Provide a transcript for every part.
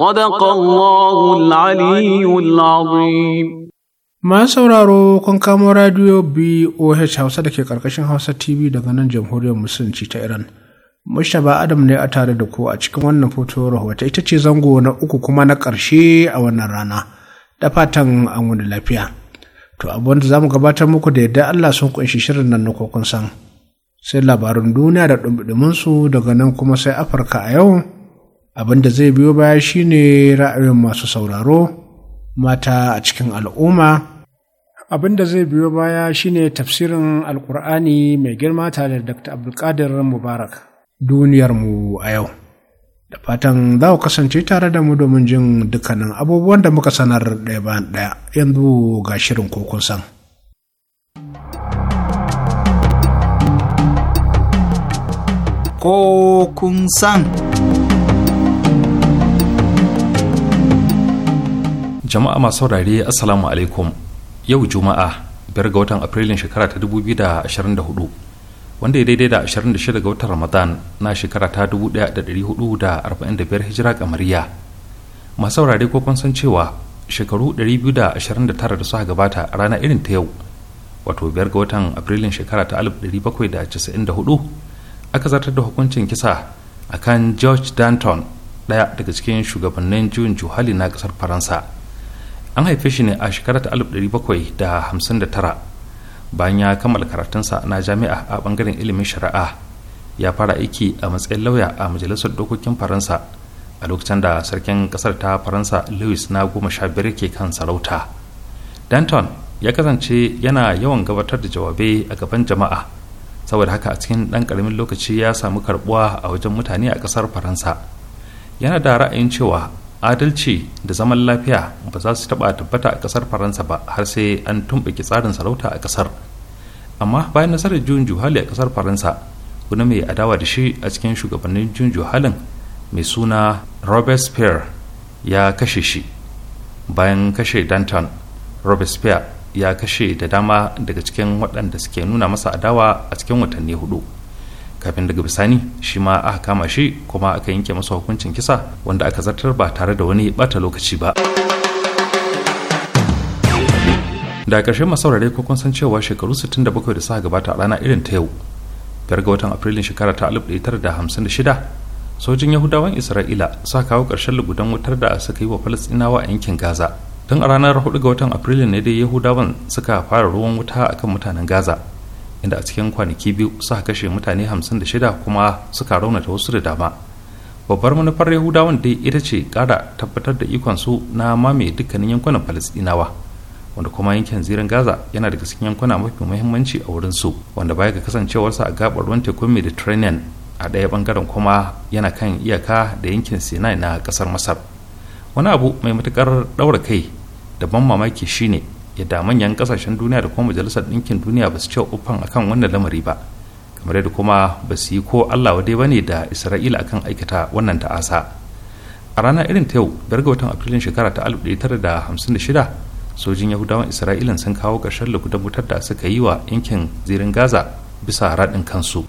صدق الله العلي العظيم Ma sauraro kun kamo radiyo BOH Hausa da ke ƙarƙashin Hausa TV daga nan jamhuriyar Musulunci ta Iran. Mushaba Adam ne a tare da ku a cikin wannan foto rahoto ita ce zango na uku kuma na ƙarshe a wannan rana. Da fatan an wani lafiya. To abin da za mu gabatar muku da yadda Allah sun kunshi shirin nan na kokon san. Sai labarin duniya da su daga nan kuma sai Afirka a yau abin da zai biyo baya shine ra'ayin masu sauraro mata a cikin al'umma abin da zai biyo baya shine tafsirin alkur'ani mai girma tare da dr abdulkadir mubarak duniyarmu a yau da fatan za ku kasance tare da mu domin jin dukkanin abubuwan da muka sanar ɗaya bayan ɗaya yanzu ga shirin kun san. kun san. jama'a masu saurare assalamu alaikum yau juma'a biyar ga watan afrilun shekara ta 2024 wanda ya daidai da 26 ga watan ramadan na shekara ta 1445 hijira kamariya masu saurare ko kun san cewa shekaru 229 da suka gabata a rana irin ta yau wato biyar ga watan afrilun shekara ta 1794 aka zartar da hukuncin kisa akan george danton daya daga cikin shugabannin juyin juhali na kasar faransa an haife shi ne a shekara ta 1759 bayan ya kammala karatunsa na jami'a a bangaren ilimin shari'a ya fara aiki a matsayin lauya a majalisar dokokin faransa a lokacin da sarkin kasar ta faransa louis na goma sha biyar ke kan sarauta danton ya kasance yana yawan gabatar da jawabai a gaban jama'a saboda haka a cikin ɗan ƙaramin lokaci ya samu karbuwa a wajen mutane a ƙasar faransa yana da ra'ayin cewa adalci da zaman lafiya ba za su taɓa tabbata a ƙasar faransa ba har sai an tumɓuke tsarin sarauta a ƙasar amma bayan nasarar juyin juhali a ƙasar faransa wani mai adawa da shi a cikin shugabannin juyin juhalin mai suna robespierre ya kashe shi bayan kashe danton robespierre ya kashe da dama daga cikin waɗanda suke nuna masa adawa a cikin watanni hudu kafin daga bisani shi ma aka kama shi kuma aka yanke masa hukuncin kisa wanda aka zartar ba tare da wani bata lokaci ba da ƙarshen masaurare ko kun san cewa shekaru 67 da suka gabata a rana irin ta yau biyar ga watan afrilun shekara ta 1956 sojin yahudawan isra'ila suka kawo ƙarshen lugudan wutar da suka yi wa falastinawa a yankin gaza tun a ranar 4 ga watan afrilun ne dai yahudawan suka fara ruwan wuta akan mutanen gaza inda a cikin kwanaki biyu suka kashe mutane 56 kuma suka raunata wasu da dama babbar manufar yahudawan dai ita ce kara tabbatar da ikon su na mamaye dukkanin yankunan falastinawa wanda kuma yankin zirin gaza yana daga cikin yankuna mafi muhimmanci a wurin su wanda baya ga kasancewarsa a gabar ruwan tekun mediterranean a ɗaya bangaren kuma yana kan iyaka da yankin sinai na ƙasar masar wani abu mai matuƙar ɗaura kai da ban mamaki shine yadda manyan kasashen duniya da kuma majalisar ɗinkin duniya ba su ce uffan akan wannan lamari ba kamar yadda kuma ba su yi ko allah wadai ba ne da isra'ila akan aikata wannan ta'asa a ranar irin ta yau biyar watan afrilun shekara ta 1956 sojin yahudawan isra'ilan sun kawo ƙarshen lukudan wutar da suka yi wa yankin zirin gaza bisa raɗin kansu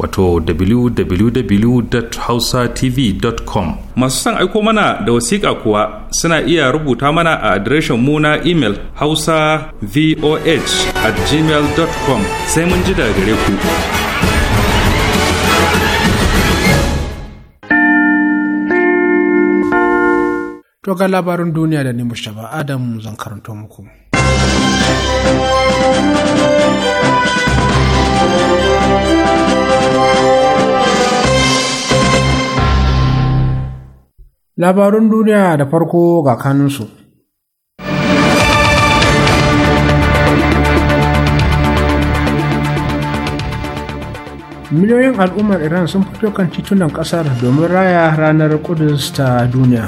wato www.hausatv.com masu son aiko mana da wasiƙa kuwa suna iya rubuta mana a adireshin mu na imel hausa voh at gmail.com sai mun ji daga gare ku To ga labarin duniya da ni shaba Adam zan karanto muku. Labarun duniya da farko ga kanunsu. Miliyoyin al'ummar Iran sun fito kan titunan ƙasar domin raya ranar Kudus ta duniya.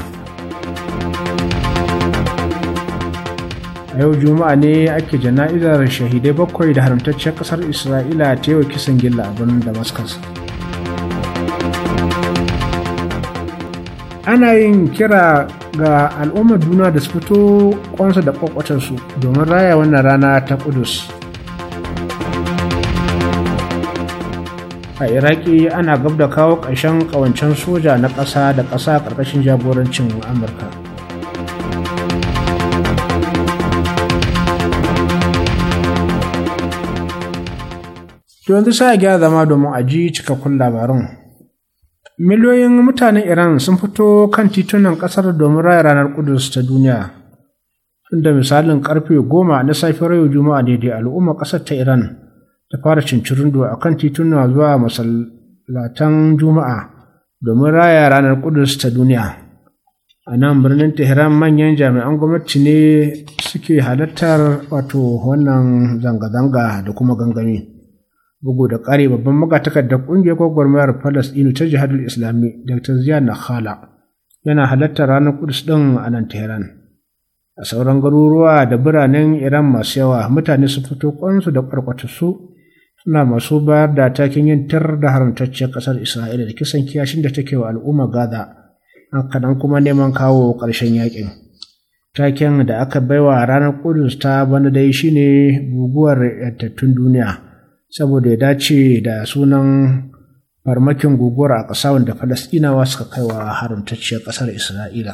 A yau Juma'a ne ake jana'izar shahidai bakwai da haramtacciyar ƙasar Isra'ila ta yi wa kisan gilla a birnin Damascus. ana yin kira ga al'ummar duniya da su fito kwansa da kwakwatansu domin raya wannan rana ta kudus a iraki ana gab da kawo ƙarshen ƙawancen soja na ƙasa da ƙasa ƙarƙashin jagorancin amurka to yanzu sa a gyara zama domin a ji cikakkun labarun miliyoyin mutanen iran sun fito kan titunan ƙasar domin raya ranar ƙudus ta duniya inda misalin karfe goma na safiyar yau juma'a ne da al'ummar ƙasar ta iran ta fara do. a kan tituna zuwa masallatan juma'a domin raya ranar ƙudus ta duniya a nan birnin tehran manyan jami'an gwamnati ne suke halartar wato wannan zanga-zanga da kuma gangami bugu da ƙari babban magatakardar ƙungiyar gwagwarmayar Falasɗinu ta jihadul Islami Dr. Ziya Nakhala yana halartar ranar Kudus ɗin a nan Tehran. A sauran garuruwa da biranen Iran masu yawa mutane su fito ƙwansu da su, suna masu bayar da takin yin tar da haramtacciyar ƙasar Isra'ila da kisan kiyashin da take wa al'umma Gaza, hankalan kuma neman kawo ƙarshen yaƙin. taken da aka baiwa ranar kudus ta bana dai shine buguwar yattattun duniya saboda ya dace da sunan farmakin guguwar a ƙasa wanda falasɗinawa suka kai wa haramtacciyar ƙasar isra'ila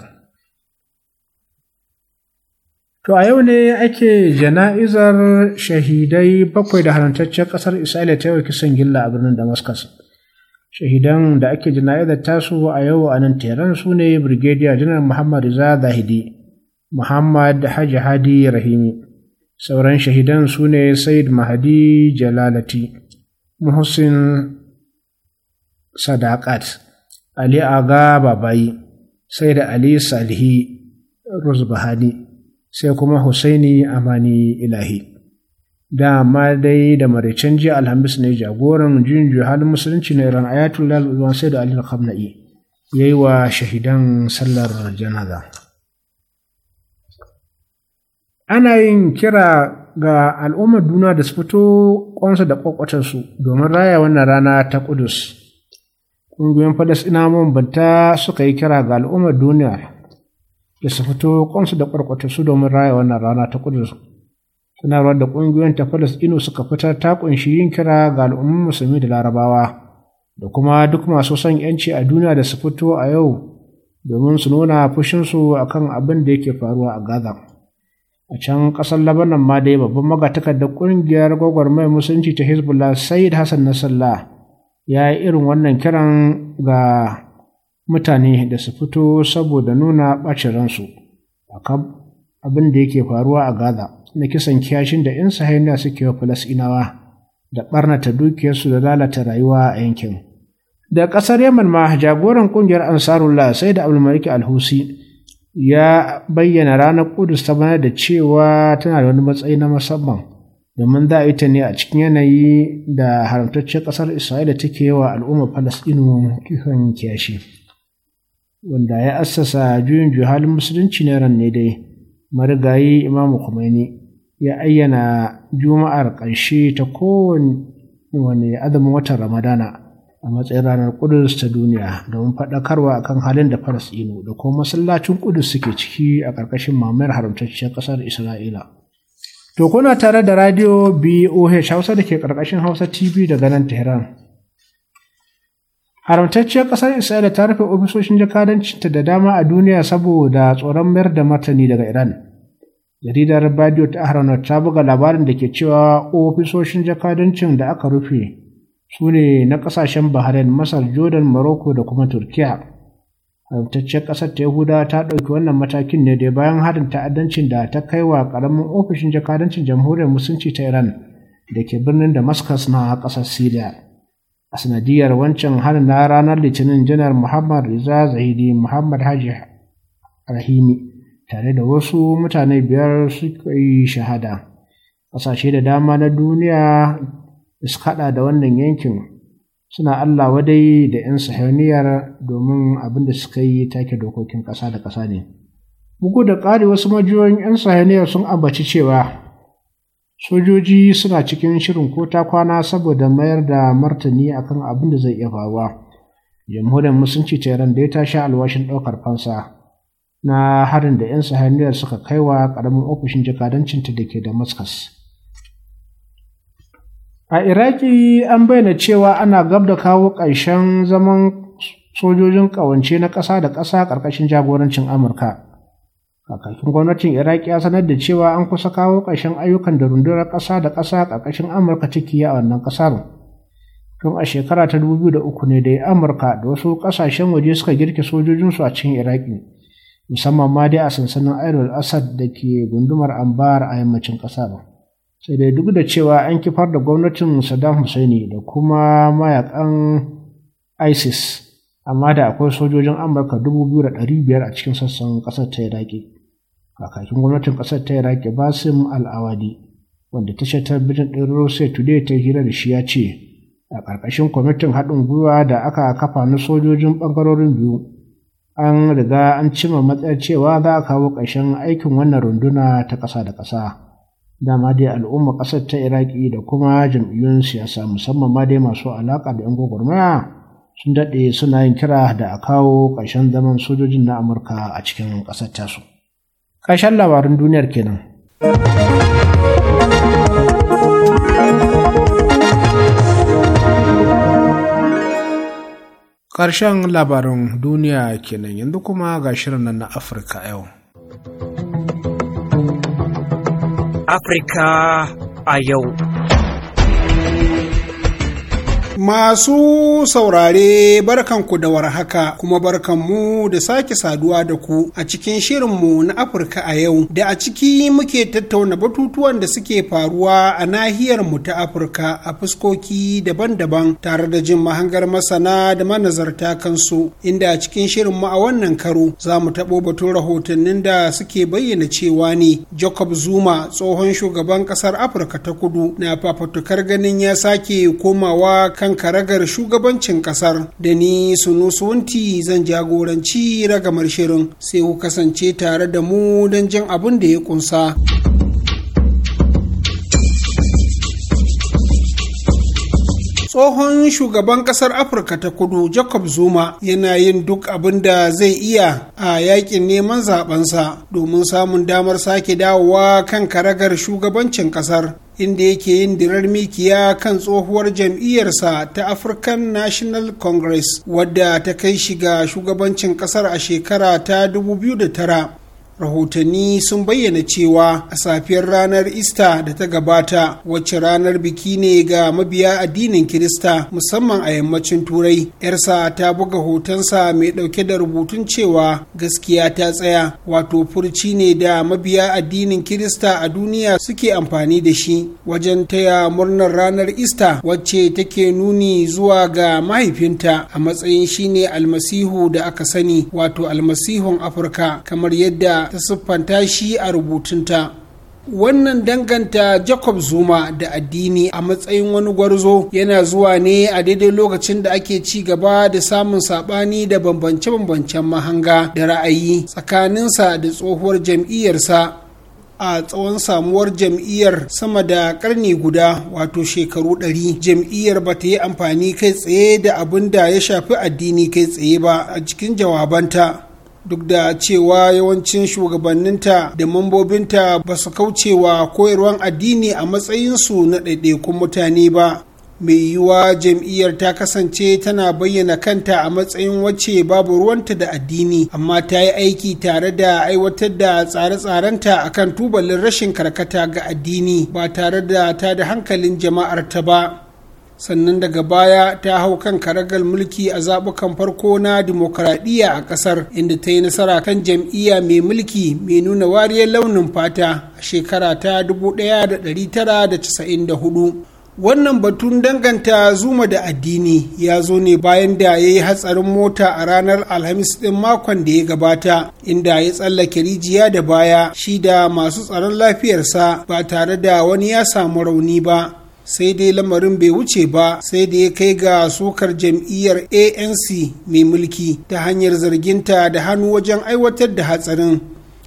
to a yau ne ake jana'izar shahidai bakwai da haramtacciyar ƙasar isra'ila ta yau kisan gilla a birnin damascus shahidan da ake jana'izar tasu a yau a nan teran su ne brigadier janar muhammad riza zahidi muhammad haji hadi rahimi sauran shahidan su ne said mahadi jalalati muhsin sadakat ali aga babayi sai da ali salihi ruzbahani sai kuma Hussaini amani ilahi dama dai da maraicen jiya alhamis ne jagoran junju halin musulunci na iran ayatollah zuwa sai da ali al-khamna'i yayi wa shahidan sallar janaza ana yin kira ga al'ummar duniya da su fito kwansu da kwakwatarsu domin raya wannan rana ta kudus ƙungiyoyin ina mambanta suka yi kira ga al'ummar duniya da su fito kwansu da kwakwatarsu domin raya wannan rana ta kudus ruwa da ƙungiyoyin ta ino suka fitar ta ƙunshi yin kira ga al'ummar musulmi da larabawa da kuma duk masu son yanci a duniya da su fito a yau domin su nuna fushinsu akan abin da yake faruwa a gaza a can kasar labanan ma dai babban magatakardar kungiyar mai musulunci ta hezbollah said hassan nasallah ya yi irin wannan kiran ga mutane da su fito saboda nuna ɓacin ransu akan abin da yake faruwa a gaza na kisan kiyashin da yan sahiyar suke wa falasinawa da ɓarnata dukiyarsu da lalata rayuwa a yankin da kasar yaman ma jagoran kungiyar ansarullah sai da abdulmalik alhusi ya bayyana ranar Kudus ta bana da cewa tana da wani matsayi na musamman domin za a yi ne a cikin yanayi da haramtaccen ƙasar Isra'ila take yawa al'ummar Falasɗinu kifin kiyashi. Wanda ya assasa juyin juyi halin musulunci ne ran ne dai, marigayi Imamu kumaini ya ayyana Juma'ar ƙarshe ta kowane azumin watan Ramadana. a matsayin ranar Kudus ta duniya domin faɗakarwa a kan halin da Falasɗinu da kuma masallacin Kudus suke ciki a ƙarƙashin mamayar haramtacciyar ƙasar Isra'ila. To kuna tare da radio BOH Hausa da ke ƙarƙashin Hausa TV daga nan Tehran. Haramtacciyar ƙasar Isra'ila ta rufe ofisoshin jakadancinta da dama a duniya saboda tsoron mayar da martani daga Iran. jaridar radio ta ahronot ta buga labarin da ke cewa ofisoshin jakadancin da aka rufe su ne na ƙasashen bahrain masar jordan morocco da kuma turkiya haramtacciyar ƙasar ta yahudawa ta ɗauki wannan matakin ne dai bayan harin ta'addancin da ta kai wa ƙaramin ofishin jakadancin jamhuriyar musulunci ta iran da ke birnin damascus na ƙasar syria a sanadiyar wancan harin na ranar litinin janar muhammad riza zahidi muhammad haji rahimi tare da wasu mutane biyar suka yi shahada ƙasashe da dama na duniya su haɗa da wannan yankin suna Allah wadai da 'yan sahaniyar domin abin da suka yi take dokokin ƙasa da ƙasa ne. Bugu da ƙari wasu majiyoyin 'yan sahaniyar sun ambaci cewa sojoji suna cikin shirin ko ta kwana saboda mayar da martani akan abin da zai iya faruwa. Jamhuriyar Musunci ta yaran da ya tashi alwashin ɗaukar fansa na harin da 'yan sahaniyar suka kaiwa ƙaramin ofishin jakadancinta da ke Damascus. a iraki an bayyana cewa ana gab da kawo ƙarshen zaman sojojin ƙawance na ƙasa da ƙasa ƙarƙashin jagorancin amurka kakakin gwamnatin iraki ya sanar da cewa an kusa kawo ƙarshen ayyukan da rundunar ƙasa da ƙasa ƙarƙashin amurka ciki a wannan ƙasar tun a shekara ta dubu da uku ne da amurka da wasu ƙasashen waje suka girke sojojinsu a cikin iraki musamman ma dai a sansanin ayrul asad da ke gundumar Anbar a yammacin ƙasar. sai dai duk da cewa an kifar da gwamnatin saddam hussein da kuma mayakan isis amma da akwai sojojin amurka biyar a cikin sassan kasar ta iraki kakakin gwamnatin ƙasar ta iraki basim al-awadi wanda tashar talabijin ɗin russia today ta hira da shi ya ce a ƙarƙashin kwamitin haɗin gwiwa da aka kafa na sojojin ɓangarorin biyu an riga an cima matsayar cewa za a kawo ƙarshen aikin wannan runduna ta ƙasa da ƙasa. dama dai al'ummar ƙasar ta iraki da kuma jam'iyyun siyasa musamman ma dai masu alaƙa da 'yan gwagwarmaya sun daɗe suna yin kira da a kawo ƙarshen zaman sojojin na amurka a cikin ƙasar tasu ƙarshen labarin duniyar kenan ƙarshen labarin duniya kenan yanzu kuma ga shirin nan na afirka yau Afirka a yau. Masu saurare barkanku da warhaka kuma barkanmu da sake saduwa da ku a cikin shirinmu na Afirka a yau da a ciki muke tattauna batutuwan da suke faruwa a nahiyar mu ta Afirka a fuskoki daban-daban tare da jin mahangar masana da manazarta kansu inda a cikin shirinmu a wannan karo za mu taɓo batun rahotannin da suke bayyana cewa ne Jacob Zuma tsohon shugaban ƙasar Afirka ta kudu na fafatukar ganin ya sake komawa kan kan karagar shugabancin kasar da ni sunusunti zan jagoranci ragamar shirin sai ku kasance tare da mu don jin abin da ya kunsa. tsohon shugaban kasar afirka ta kudu jacob zuma yana yin duk abin da zai iya a yakin neman zabensa domin samun damar sake dawowa kan karagar shugabancin kasar inda yake yin dirar mikiya kan tsohuwar jam'iyyarsa ta african national congress wadda ta kai shiga shugabancin kasar a shekara ta 2009 rahotanni sun bayyana cewa a safiyar ranar ista da ta gabata wacce ranar biki ne ga mabiya addinin kirista musamman a yammacin turai yarsa ta buga hotonsa mai dauke da rubutun cewa gaskiya ta tsaya wato furci ne da mabiya addinin kirista a duniya suke amfani da shi wajen taya murnar ranar ista wacce take nuni zuwa ga mahaifinta a matsayin shine almasihu da aka sani wato almasihun afirka kamar yadda ta siffanta shi a rubutunta wannan danganta jacob zuma da addini a matsayin wani gwarzo yana zuwa ne a daidai lokacin da ake ci gaba da samun sabani da bambance-bambancen mahanga da ra'ayi tsakaninsa da tsohuwar jam'iyyarsa a tsawon samuwar jam'iyyar sama da karni guda wato shekaru ɗari jam'iyyar ba ta yi amfani kai tsaye da abin da ya shafi addini kai tsaye ba a cikin jawabanta duk da cewa yawancin shugabanninta da mambobinta ba su kaucewa koyarwan addini a matsayinsu na ɗaiɗaikun mutane ba mai yiwuwa jam'iyyar ta kasance tana bayyana kanta a matsayin wacce babu ruwanta da addini amma ta yi aiki tare da aiwatar da tsare-tsarenta a kan tubalin rashin karkata ga addini ba tare da ta da hankalin jama'arta ba sannan daga baya ta hau kan karagar mulki a zaɓukan farko na dimokuraɗiyya a ƙasar inda ta yi nasara kan jam'iyya mai mulki mai nuna wariyar launin fata a shekara ta 1994 wannan batun danganta zuma da addini ya zo ne bayan da ya yi hatsarin mota a ranar alhamis ɗin makon da ya gabata inda ya tsallake rijiya da baya shi da masu tsaron lafiyarsa ba tare da wani ya samu rauni ba sai dai lamarin bai wuce ba sai da ya kai ga sukar jam'iyyar anc mai mulki ta hanyar zarginta da hannu wajen aiwatar da hatsarin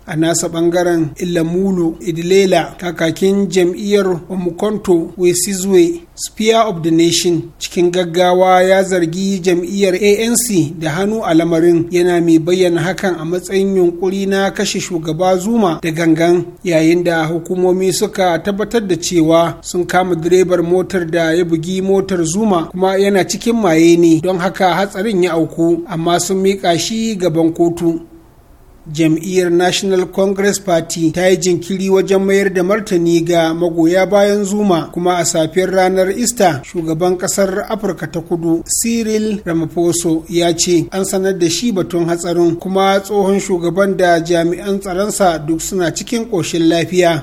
a nasa bangaren Ilamulu-Idilela, kakakin jam'iyyar omukonto wesizwe spear of the nation cikin gaggawa ya zargi jam'iyyar anc da hannu a lamarin yana mai bayyana hakan a matsayin yunkuri na kashe shugaba zuma da gangan yayin da hukumomi suka tabbatar da cewa sun kama direbar motar da ya bugi motar zuma kuma yana cikin maye ne don haka hatsarin ya auku amma sun miƙa shi gaban kotu jam'iyyar national congress party ta yi jinkiri wajen mayar da martani ga magoya bayan zuma kuma a safiyar ranar Easter shugaban kasar afirka ta kudu cyril ramaphosa ya ce an sanar da shi batun hatsarin kuma tsohon shugaban da jami'an tsaronsa duk suna cikin ƙoshin lafiya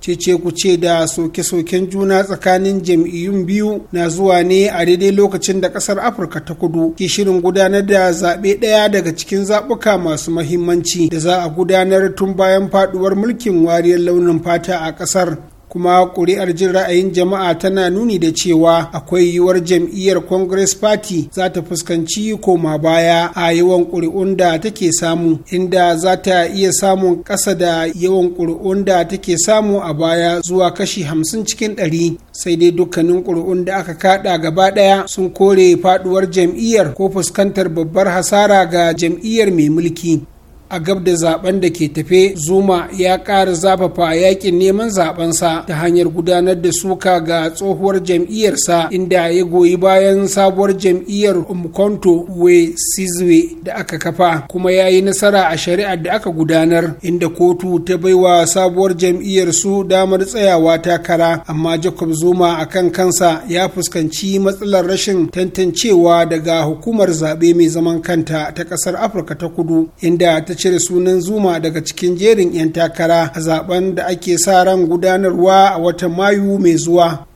cece kuce da soke-soken juna tsakanin jam'iyyun biyu na zuwa ne a daidai lokacin da kasar afirka ta kudu ke shirin gudanar da zaɓe ɗaya daga cikin zaɓuka masu mahimmanci da za a gudanar tun bayan faɗuwar mulkin wariyar launin fata a ƙasar kuma ƙuri'ar jin ra'ayin jama'a tana nuni da cewa akwai yiwuwar jam'iyyar congress party za ta fuskanci koma baya a yawan ƙuri'un da take samu inda za ta iya samun ƙasa da yawan ƙuri'un da take samu a baya zuwa kashi hamsin cikin ɗari sai dai dukkanin ƙuri'un da aka kaɗa gaba ɗaya sun kore faɗuwar jam'iyyar ko fuskantar babbar hasara ga jam'iyyar mai mulki a gab da zaben da ke tafe zuma ya ƙara zafafa yakin neman zabensa ta hanyar gudanar da suka ga tsohuwar jam'iyyarsa inda ya goyi bayan sabuwar jam'iyyar umkonto we sizwe da aka kafa kuma ya yi nasara a shari'ar da aka gudanar inda kotu ta baiwa sabuwar jam'iyyar su damar tsayawa takara amma jacob zuma a kan kansa ya fuskanci matsalar rashin tantancewa daga hukumar zaɓe mai zaman kanta ta ƙasar afirka ta kudu inda ta cire sunan zuma daga cikin jerin 'yan takara a zaben da ake sa ran gudanarwa a watan mayu mai zuwa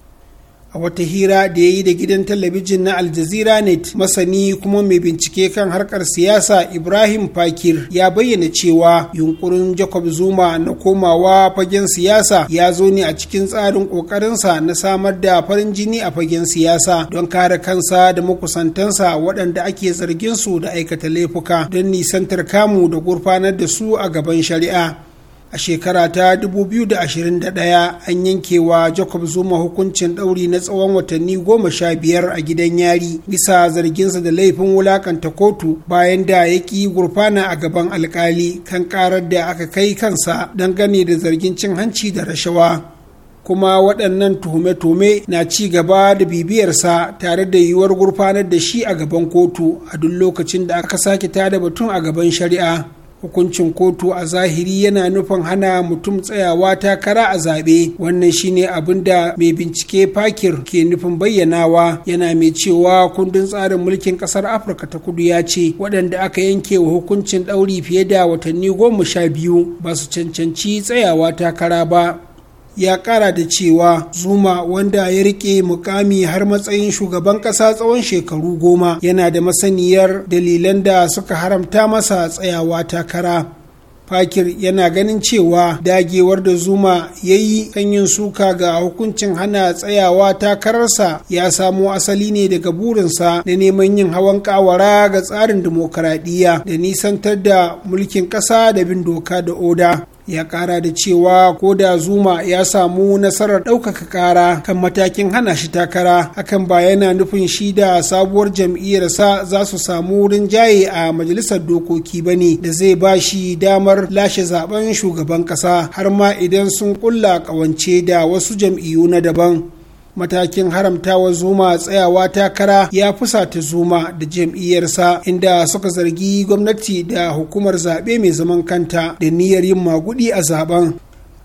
a wata hira da ya yi da gidan talabijin na aljazira net masani kuma mai bincike kan harkar siyasa ibrahim fakir ya bayyana cewa yunkurin jacob zuma na komawa fagen siyasa ya zo ne a cikin tsarin kokarinsa na samar da farin jini a fagen siyasa don kare kansa da makusantansa waɗanda ake zargin su da aikata laifuka don nisantar kamu da gurfanar da su a gaban shari'a a shekara ta 2021 an yankewa jacob zuma hukuncin ɗauri na tsawon watanni goma sha biyar a gidan yari bisa zarginsa da laifin wulakanta kotu bayan da ya ki gurfana a gaban alkali kan karar da aka kai kansa dangane da zargin cin hanci da rashawa kuma waɗannan tuhume-tuhume na ci gaba da bibiyarsa tare da yiwuwar gurfanar da shi a gaban kotu a duk lokacin da aka sake tada batun a gaban shari'a hukuncin kotu a zahiri yana nufin hana mutum tsayawa takara a zaɓe wannan shine abin da mai bincike fakir ke nufin bayyanawa yana mai cewa kundin tsarin mulkin ƙasar afirka ta kudu ya ce waɗanda aka yanke wa hukuncin ɗauri fiye da watanni goma sha biyu ba su cancanci tsayawa takara ba ya kara da cewa zuma wanda ya rike mukami har matsayin shugaban kasa tsawon shekaru goma yana da masaniyar dalilan da suka haramta masa tsayawa takara fakir yana ganin cewa dagewar da zuma ya yi kan suka ga hukuncin hana tsayawa takararsa ya samo asali ne daga burinsa na neman yin hawan kawara ga tsarin dimokuraɗiyya da nisantar da mulkin ƙasa da bin doka da oda ya kara da cewa ko da zuma ya samu nasarar ɗaukaka kara kan matakin hana shi takara hakan ba yana nufin shi da sabuwar jam'iyyarsa za su samu wurin jaye a majalisar dokoki ba ne da zai ba shi damar lashe zaben shugaban ƙasa har ma idan sun ƙulla ƙawance da wasu jam'iyyu na daban matakin haramtawa zuma tsayawa takara ya fusata zuma da jam'iyyarsa inda suka zargi gwamnati da hukumar zaɓe mai zaman kanta da niyyar yin magudi a zaben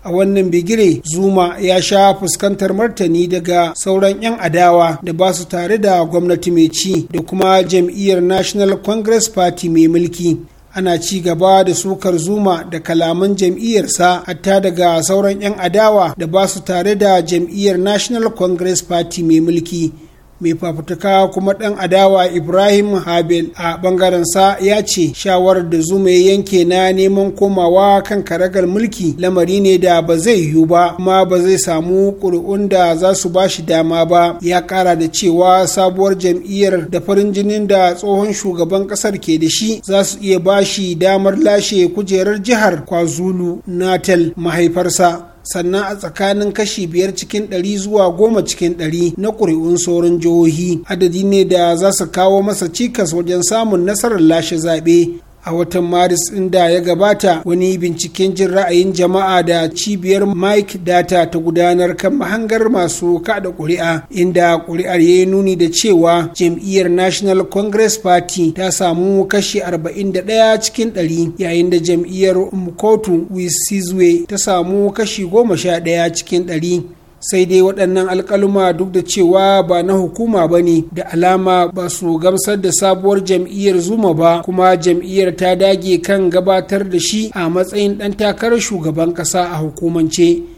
a wannan bigire zuma ya sha fuskantar martani daga sauran 'yan adawa da ba su tare da gwamnati mai ci da kuma jam'iyyar national congress party mai mulki ana ci gaba da sukar zuma da kalaman jam'iyyarsa hatta daga sauran 'yan adawa da ba su tare da jam'iyyar national congress party mai mulki mai fafutuka kuma ɗan adawa ibrahim habel a ɓangaren sa ya ce shawarar da zuma ya yanke na neman komawa kan karagar mulki lamari ne da ba zai yiwu ba kuma ba zai samu ƙuri'un da za su ba shi dama ba ya ƙara da cewa sabuwar jam'iyyar da farin jinin da tsohon shugaban ƙasar ke da shi za su iya ba shi damar lashe kujerar jihar kwazulu natal mahaifarsa sannan a tsakanin kashi biyar cikin ɗari zuwa goma cikin ɗari na ƙuri'un sauran jihohi adadi ne da za su kawo masa cikas wajen samun nasarar lashe zaɓe a watan maris inda ya gabata wani binciken jin ra'ayin jama'a da cibiyar mike data ta gudanar kan mahangar masu kada ƙuri'a inda ƙuri'ar ya yi nuni da cewa jam'iyyar national congress party ta samu kashi 41 cikin 100 yayin da jam'iyyar mkotu wisizwe ta samu kashi 11 cikin 100 sai dai waɗannan alkaluma duk da cewa ba na hukuma ba ne da alama ba su gamsar da sabuwar jam'iyyar zuma ba kuma jam'iyyar ta dage kan gabatar da shi a matsayin ɗan takarar shugaban ƙasa a hukumance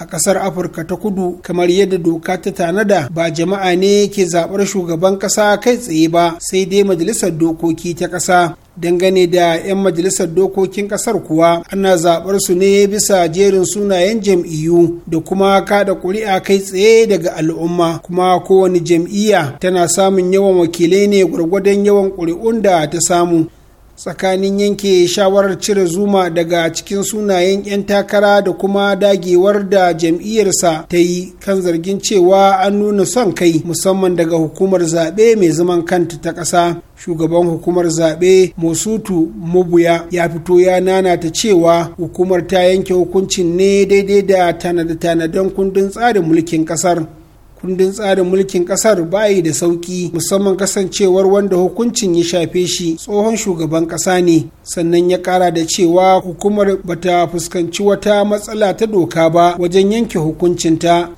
a ƙasar afirka ta kudu kamar yadda doka ta tanada ba jama'a ne ke zaɓar shugaban ƙasa kai tsaye ba sai dai majalisar dokoki ta ƙasa dangane da 'yan majalisar dokokin ƙasar kuwa ana zaɓar su ne bisa jerin sunayen jam'iyyu da kuma kada ƙuri'a kai tsaye daga al'umma kuma kowane jam'iyya tana samun yawan wakilai ne gwargwadon yawan ƙuri'un da ta samu tsakanin yanke shawarar cire zuma daga cikin sunayen 'yan takara da kuma dagewar da jam'iyyarsa ta yi kan zargin cewa an nuna son kai musamman daga hukumar zaɓe mai zaman kanta ta ƙasa shugaban hukumar zaɓe mosutu mubuya ya fito ya nanata cewa hukumar ta yanke hukuncin ne daidai da tanada tanaden kundin tsarin mulkin ƙasar kundin tsarin mulkin kasar bayi da sauki musamman kasancewar wanda hukuncin ya shafe shi tsohon shugaban kasa ne sannan ya kara da cewa hukumar bata fuskanci wata matsala ta doka ba wajen yanke hukuncinta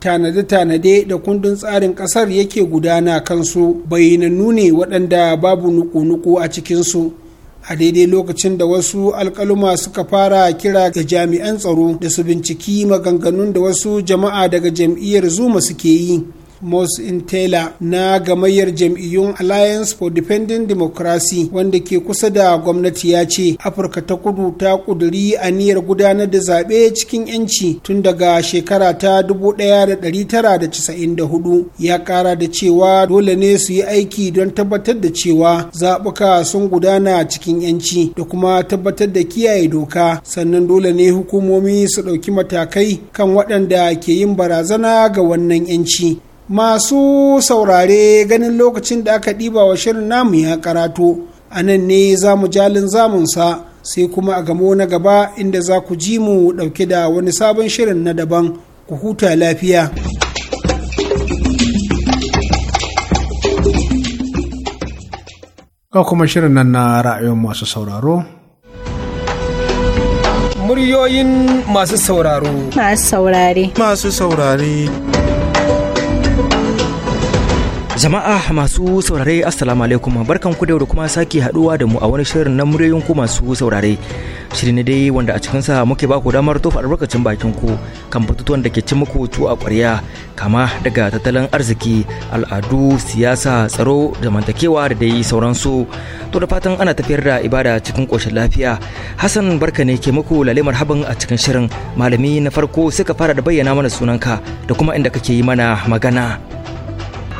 tanade-tanade da kundin tsarin kasar yake gudana kansu bayyanannu ne waɗanda babu nuku-nuku a cikinsu a daidai lokacin da wasu alkaluma suka fara kira ga jami'an tsaro da su binciki maganganun da wasu jama'a daga jam'iyyar zuma suke yi Mos Intela na gamayyar jam'iyyun Alliance for Dependent Democracy wanda ke kusa da gwamnati ya ce Afirka ta kudu ta kuduri aniyar gudanar da zaɓe cikin 'yanci tun daga shekara ta 1994 ya ƙara da cewa dole ne su yi aiki don tabbatar da cewa zaɓuka sun gudana cikin 'yanci da kuma tabbatar da kiyaye doka sannan dole ne hukumomi su ɗauki matakai kan waɗanda ke yin barazana ga wannan 'yanci masu saurare ganin lokacin da aka ɗiba wa shirin namu ya karatu a nan ne za mu jalin zamunsa sai kuma a gamo na gaba inda za ku ji mu ɗauke da wani sabon shirin na daban ku huta lafiya. Ga kuma shirin nan na ra'ayin masu sauraro. Muryoyin masu sauraro. Masu saurare. Masu saurare. Jama'a masu saurare Assalamu alaikum barkan ku da kuma sake haduwa da mu a wani shirin na muryoyin masu saurare. shirin ne dai wanda a cikin sa muke ba ku damar tofa albarkacin bakin ku kan batutuwan da ke ci muku tu a ƙwarya kama daga tattalin arziki, al'adu, siyasa, tsaro, zamantakewa da dai sauransu. To da fatan ana tafiyar da ibada cikin ƙoshin lafiya. Hassan barka ne ke muku lale marhaban a cikin shirin malami na farko suka fara da bayyana mana sunanka da kuma inda kake yi mana magana.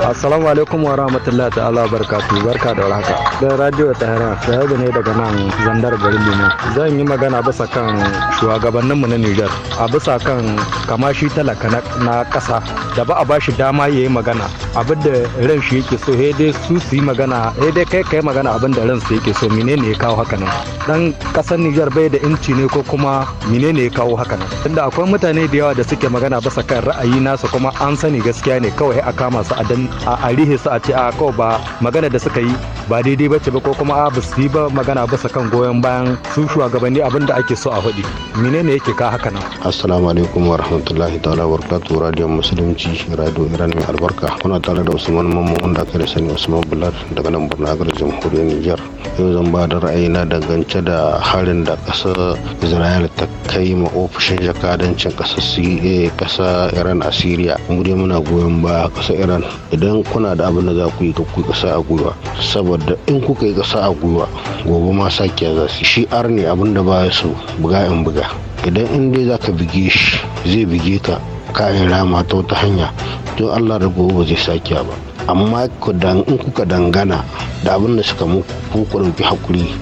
Assalamu alaikum wa rahmatullahi ta'ala barkatu barka da warhaka. Da radio Tahira tare ne daga nan Zandar Garin Limo. Zan yi magana bisa kan shugabannin mu na Niger a bisa kan kamashi talaka na kasa da ba a bashi dama yayi magana abin da ran shi yake so he dai su su yi magana he dai kai kai magana abin da ran su yake so menene ya kawo haka nan. Dan kasar Niger bai da inci ne ko kuma menene ya kawo haka nan. Tunda akwai mutane da yawa da suke magana bisa kan ra'ayi nasu kuma an sani gaskiya ne kawai a kama su a a rihe su a ce a kawai ba magana da suka yi ba daidai bace ba ko kuma a basu yi ba magana basa kan goyon bayan su shugabanni abin da ake so a faɗi menene yake ka haka nan assalamu alaikum wa rahmatullahi ta'ala wa barakatuhu radio musulunci radio iran mai albarka kuna tare da usman mamman wanda aka da sani usman bulat daga nan birnin agar jamhuriyar niger yau zan ba da ra'ayi na dangance da harin da ƙasar israel ta kai ma ofishin jakadancin ƙasar iran a syria mu dai muna goyon baya ƙasar iran idan kuna da abin da za ku yi to ku ƙasa a gwiwa saboda in kuka yi ƙasa a gwiwa gobe ma sakiya za su shi ar ne abin da ba su buga in buga idan in dai za ka bige shi zai bige ka kayan rama ta wata hanya to allah da gobe ba zai sakiya ba amma in kuka dangana da abin da suka muku ku ɗauki hakuri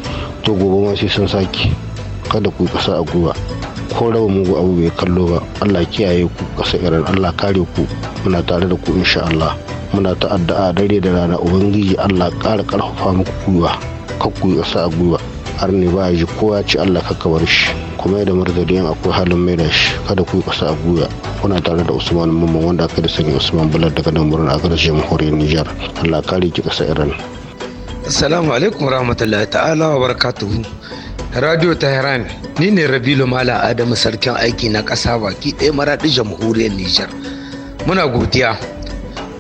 to gobe ma sai sun sake kada ku yi ƙasa a gwiwa ko raba mugu abu bai kallo ba allah kiyaye ku kasa iran allah kare ku muna tare da ku insha allah muna ta'adda a dare da rana ubangiji allah kara karfafa muku gwiwa kakku yi sa a gwiwa har ne ba ji kowa ci allah ka kabar shi kuma da martadin akwai halin mai da shi kada ku yi ƙasa a guya kuna tare da usman mamman wanda aka da sanyi usman bulat daga nan a agar jamhuriyar nijar allah kare ki kasa iran assalamu alaikum rahmatullahi ta'ala wa barakatuhu Radio Tehran ni ne Rabilu Malam Adamu sarkin aiki na ƙasa baki ɗaya maraɗi jamhuriyar Nijar. Muna godiya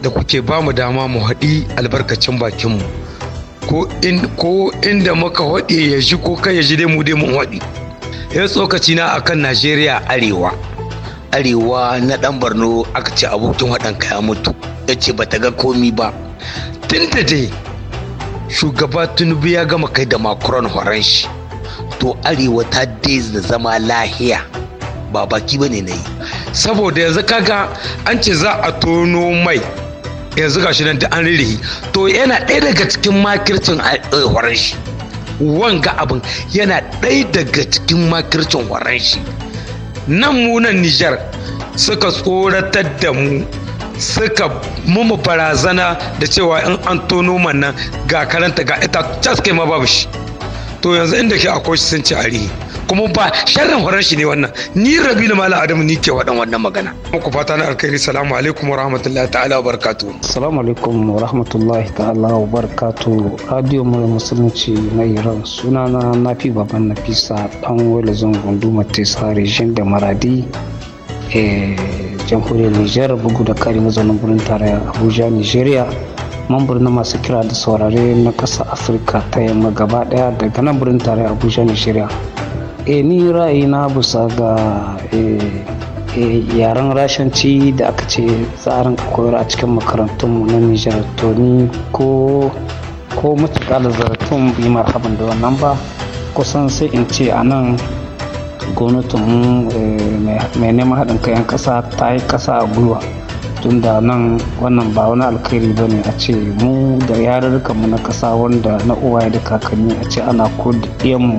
da kuke ba mu dama mu haɗi albarkacin bakinmu. Ko in inda muka haɗe ya ji ko kai ya ji dai mu dai mun haɗi. Ya tsokaci na akan Najeriya Arewa. Arewa na ɗan Borno aka ce abokin haɗan kaya mutu. Ya ce bata ga komi ba. Tun da dai shugaba Tinubu ya gama kai da Macron horon shi. to arewa ta da zama lahiya ba baki ba ne na yi saboda yanzu kaga an ce za a tono mai yanzu gashi nan da an rirhi to yana ɗaya daga cikin makircin eh, horon shi wanga abin yana ɗaya daga cikin makircin horon shi nan mu nan nijar suka tsoratar da mu suka mumu barazana da cewa in an tono nan ga karanta ga ita cas kai ma babu shi to yanzu inda ke akwai shi sun ci ari kuma ba sharrin horon shi ne wannan ni rabi na mala adamu ni ke waɗan wannan magana muku fata na alkhairi salamu alaikum wa rahmatullahi ta'ala wa barakatu salamu alaikum wa rahmatullahi ta'ala wa barakatu radio mai musulunci na iran sunana nafi baban nafisa dan wale zan gunduma sa rejim da maradi eh, jamhuriyar nijar bugu da kari mazaunin birnin tarayya abuja nigeria mambar na masu kira da saurare na ƙasa afirka ta yamma gaba ɗaya daga nan birnin tare abuja nigeria e ni na bisa ga e, e, yaren rashanci da aka ce tsarin koyar a cikin makarantunmu na nijar to ni ko ko matuƙa da zaratun bi marhaban da wannan ba kusan sai in ce a nan gwamnatin e, mai neman haɗin kayan ƙasa ta yi ƙasa a gwiwa tunda nan wannan ba wani alkhairi ba ne a ce mu da yarurrukan mu na kasa wanda na uwaye da kakanni a ce ana ko da mu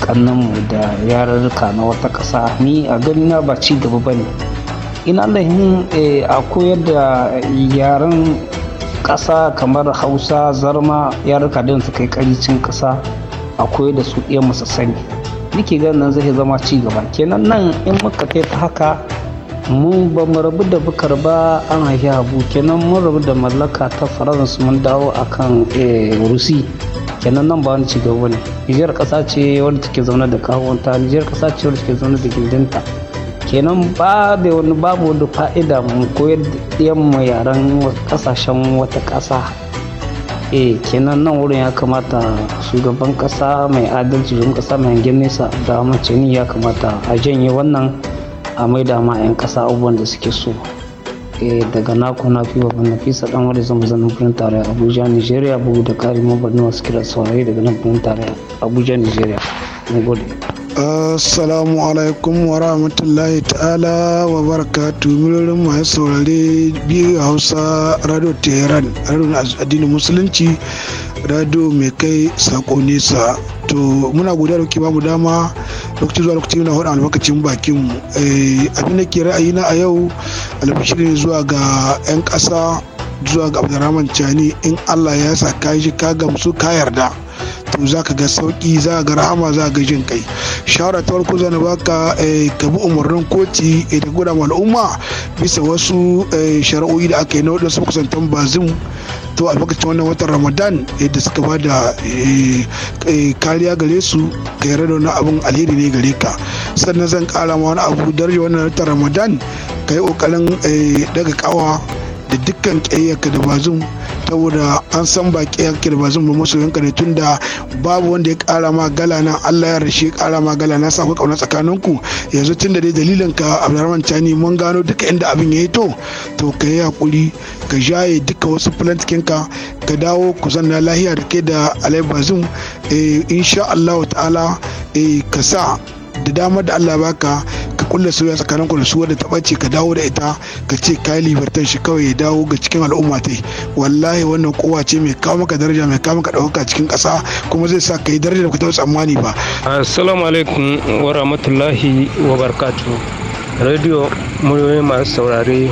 kannanmu da yarurka na wata kasa ni a ganina ba ci gaba ba ne ina lahin eh, a koyar da yaren ƙasa kamar hausa zarma yarurka don su kai ƙaricin ƙasa a koyar da su iya musu sani nike ganin zai zama ci gaba kenan nan in muka kai ta haka mun ba mu rabu da bukar ba an haifi abu kenan mun rabu da mallaka ta faransa mun dawo a kan eh, rusi kenan nan ba wani cigaba ne nijar kasa ce wadda take zaune da kawonta nijar kasa ce wadda take zaune da gindinta kenan ba da wani babu wani fa'ida mu koyar da mu yaran kasashen wata kasa eh kenan nan wurin ya kamata shugaban kasa mai adalci shugaban kasa mai hangen nesa da mace ya kamata a janye wannan a maida ma 'yan kasa abubuwan da suke so eh, daga naku na fi wa fi dan wadda zama zanen birnin tarayya abuja nigeria bugu da kari mabar na masu kira saurari daga nan birnin tarayya abuja nigeria na Assalamu alaikum wa rahmatullahi ta'ala wa baraka miliyoyin masu saurare biyu Hausa Radio Tehran, Radio addinin Musulunci, Radio mai kai sako nesa. To muna guda da mu dama lokacin zuwa lokacin na hudu albarkacin bakin mu. Eh, abin da ke na a yau albashi ne zuwa ga 'yan ƙasa zuwa ga Abdulrahman Chani in Allah ya sa ka ka gamsu ka yarda. to za ka ga sauki za ga rahama za ga jin kai shawara ta farko zan baka eh, ka bi umarnin koti eh, da gudan al'umma bisa wasu eh, shari'o'i da aka yi na waɗansu kusantan bazin to a lokacin wannan watan ramadan da suka ba da kariya gare su ka yarda da wani abin alheri ne gare ka sannan zan kara ma wani abu daraja wannan watan ramadan ka yi ƙoƙarin daga kawa da dukkan ƙayyaka da bazin saboda an san baki yakil ba zan ba musu yanka ne tunda babu wanda ya kara ma gala nan Allah ya rashe kara ma gala na sa ku kauna tsakanin ku yanzu tunda dai dalilin ka Abdulrahman Tani mun gano duka inda abin yayi to to ka yi hakuri ka jaye duka wasu filantikin ka ka dawo ku zanna lahiya da kai da Alai Bazum eh insha Allah ta'ala eh ka sa da damar da Allah baka ka kulle soyayya tsakanin ku da su wadda ta ka dawo da ita ka ce ka yi shi kawai ya dawo ga cikin al'umma ta wallahi wannan kowa ce mai kawo maka daraja mai kawo maka dauka cikin kasa kuma zai sa ka yi daraja da ku taɓa tsammani ba. assalamu alaikum wa rahmatullahi wa barkatu radio muryoyi masu saurare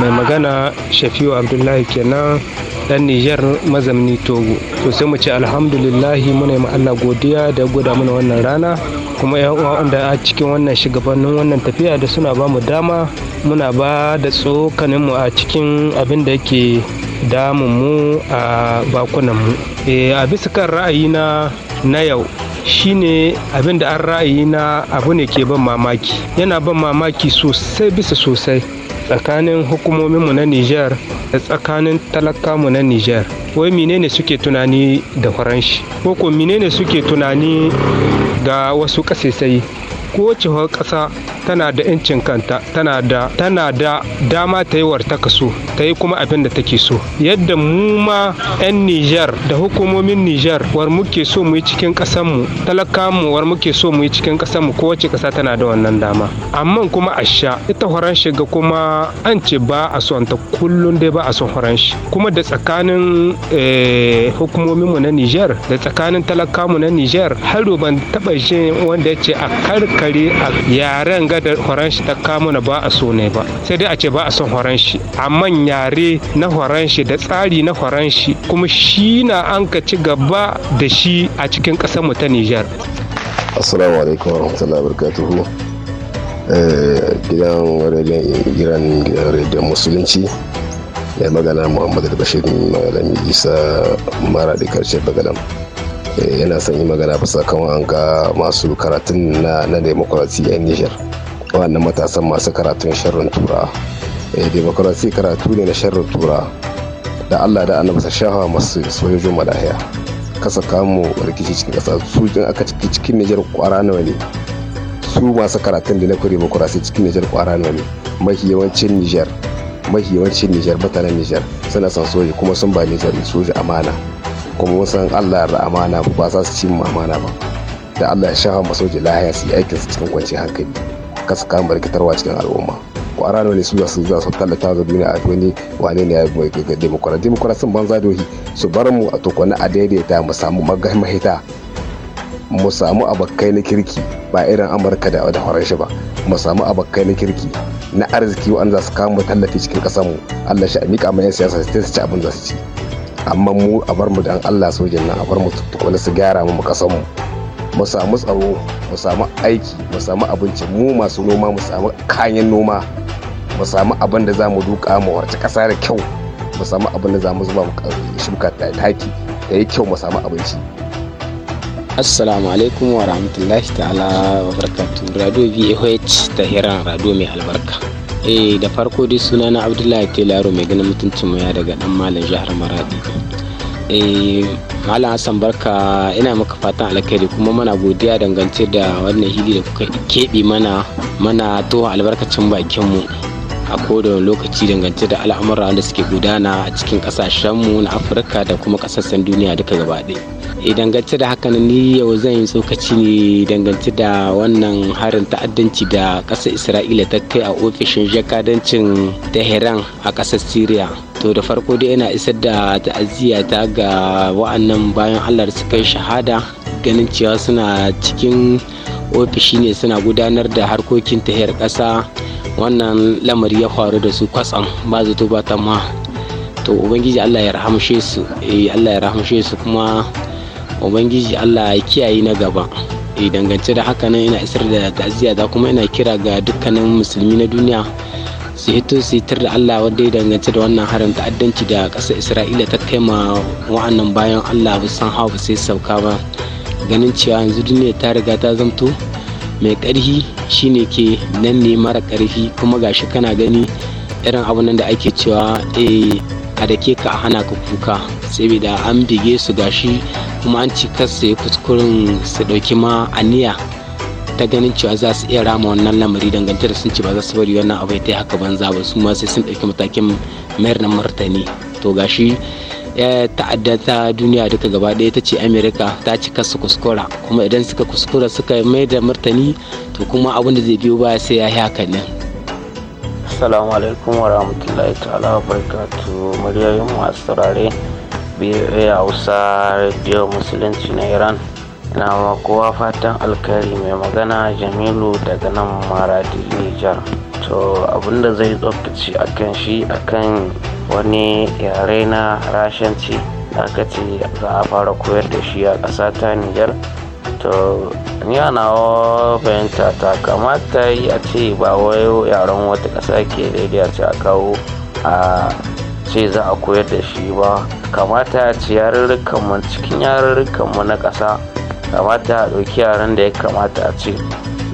mai magana shafiu abdullahi kenan dan Nijar mazamni Togo to sai mu ce alhamdulillahi muna ma Allah godiya da gwada mana wannan rana kuma ya wanda a cikin wannan shugabannin wannan tafiya da suna ba mu dama muna ba da tsokanin mu a cikin abin da yake damun mu a bakunan mu eh, a bisa kan ra'ayi na yau shine abin da an ra'ayi na abu ne ke ban mamaki yana ban mamaki sosai bisa sosai tsakanin mu na Nijar da tsakanin talakamu na Nijar. Wai menene suke tunani da faranshi? Ko ko menene suke tunani ga wasu ƙasasai kowace ƙasa tana da 'yancin kanta tana da tana da dama ta yi warta kaso ta yi kuma abin da take so yadda mu ma 'yan Nijar da hukumomin Nijar war muke so mu yi cikin mu mu war muke so mu yi cikin mu kowace ƙasa tana da wannan dama amma kuma a sha ita horon shiga kuma an ce ba a so ta kullum dai ba a son horon shi kuma da tsakanin eh, hukumomin mu na Nijar da tsakanin mu na Nijar har ban taɓa jin wanda ya ce a karka hankali a yaren ga da ta kamo na ba a so ne ba sai dai a ce ba a son horon shi amma yare na horon da tsari na horon kuma shi na an ka ci gaba da shi a cikin ƙasar mu ta Nijar. Assalamu alaikum warahmatullahi wabarakatuhu. Eh, gidan gidan rediyon musulunci mai magana muhammadu bashir malami isa mara da karshe bagalam yana eh, son yi magana bisa kan wanga masu karatun na na demokrasiyyar nijar wannan matasan masu karatun sharrin tura eh, demokrasi karatu ne na sharrin tura da allah da annabta shahawa masu sojojin madahiya kasa kamu rikici cikin kasa su jin aka ciki cikin nijar kwara nawa ne su masu karatun da na kuri demokrasi cikin nijar kwara nawa ne mafi yawancin nijar mafi yawancin nijar mutanen nijar suna son soji kuma sun ba nijar soji amana kuma mun san Allah da amana ba za su ci mu amana ba da Allah ya shafa masu ji lahiya su yi aikin su cikin kwanciyar hankali ka su kama rikitarwa cikin al'umma ko ne ne su su za su tallata ga duniya a duniya wane ne ya yi demokura demokura sun banza dohi su bar mu a tukwane a daidaita mu samu mahita mu samu abakai na kirki ba irin amurka da da faransa ba mu samu abakai na kirki na arziki wanda za su kama tallafi cikin kasar mu allah shi a miƙa mai yan siyasa su ci abin za su ci amma mu a bar mu dan Allah sojin nan a bar mu wani su mu kasan mu mu samu tsaro mu samu aiki mu samu abinci mu masu noma mu samu kayan noma mu samu abin da za mu duka mu warta kasa da kyau mu samu abin da za mu zuba shuka ta taki da yi kyau mu samu abinci assalamu alaikum wa rahmatullahi ta'ala wa barakatuh radio voh ta hiran radio mai albarka eh da farko dai suna na abdullahi telaro mai ganin mutuncin mu ya daga dan malam jihar maradi eh malam hassan barka ina maka fatan alkhairi kuma mana godiya dangance da wannan hili da kuka keɓe mana mana to albarkacin bakin mu a kodon lokaci dangance da al'amuran da suke gudana a cikin kasashenmu na afirka da kuma kasashen duniya duka gaba ɗaya dangance da haka ni yau zan yi tsokaci ne dangance da wannan harin ta'addanci da ƙasar isra'ila ta kai a ofishin jakadancin tehran a ƙasar syria to da farko dai yana isar da ta'aziyya ta ga wa'annan bayan allah da suka shahada ganin cewa suna cikin ofishi ne suna gudanar da harkokin tahiyar ƙasa wannan lamari ya faru da su kwatsam ba zato ba ta ma to ubangiji allah ya rahamshe su eh, allah ya rahamshe su kuma ubangiji allah ya kiyaye na gaba eh dangance da haka nan ina isar da ta'aziyya da kuma ina kira ga dukkanin musulmi na duniya su hito su yi da allah wanda ya dangance da wannan harin ta'addanci da ƙasar isra'ila ta kai ma wa'annan bayan allah ba san hawa ba sai sauka ba ganin cewa yanzu duniya ta riga ta zamto mai ƙarfi shine ke nan ne mara ƙarfi kuma gashi kana gani irin abun nan da ake cewa eh a dake ka a hana ka kuka saboda an bige su gashi kuma an ci kasa ya kuskuren su dauki ma aniya ta ganin cewa za su iya rama wannan lamari dangantar da sun ce ba za su bari wannan abu ta haka banza ba su ma sai sun ɗauki matakin mayar na martani to gashi ta'adda ta duniya duka gaba ɗaya ta ce amerika ta cika su kuskura kuma idan suka kuskura suka mai da martani to kuma abun da zai biyo baya sai ya yi haka ne. assalamu alaikum wa rahmatullahi ta'ala wa barkatu muryoyin masu turare biyu hausa radio musulunci na iran na makowa fatan alkari mai magana jamilu daga nan maradi nijar to abinda zai tsoftaci kan shi a kan wani yare na rashanci da aka ce za a fara koyar da shi a ƙasa ta nijar to ni ana fahimta ta kamata yi a ce ba wai yaron wata ƙasa ke daidai a ce a kawo a ce za a koyar da shi ba kamata a ce mu cikin yarurrukan mu na ƙasa kamata a ɗauki yaran da ya kamata a ce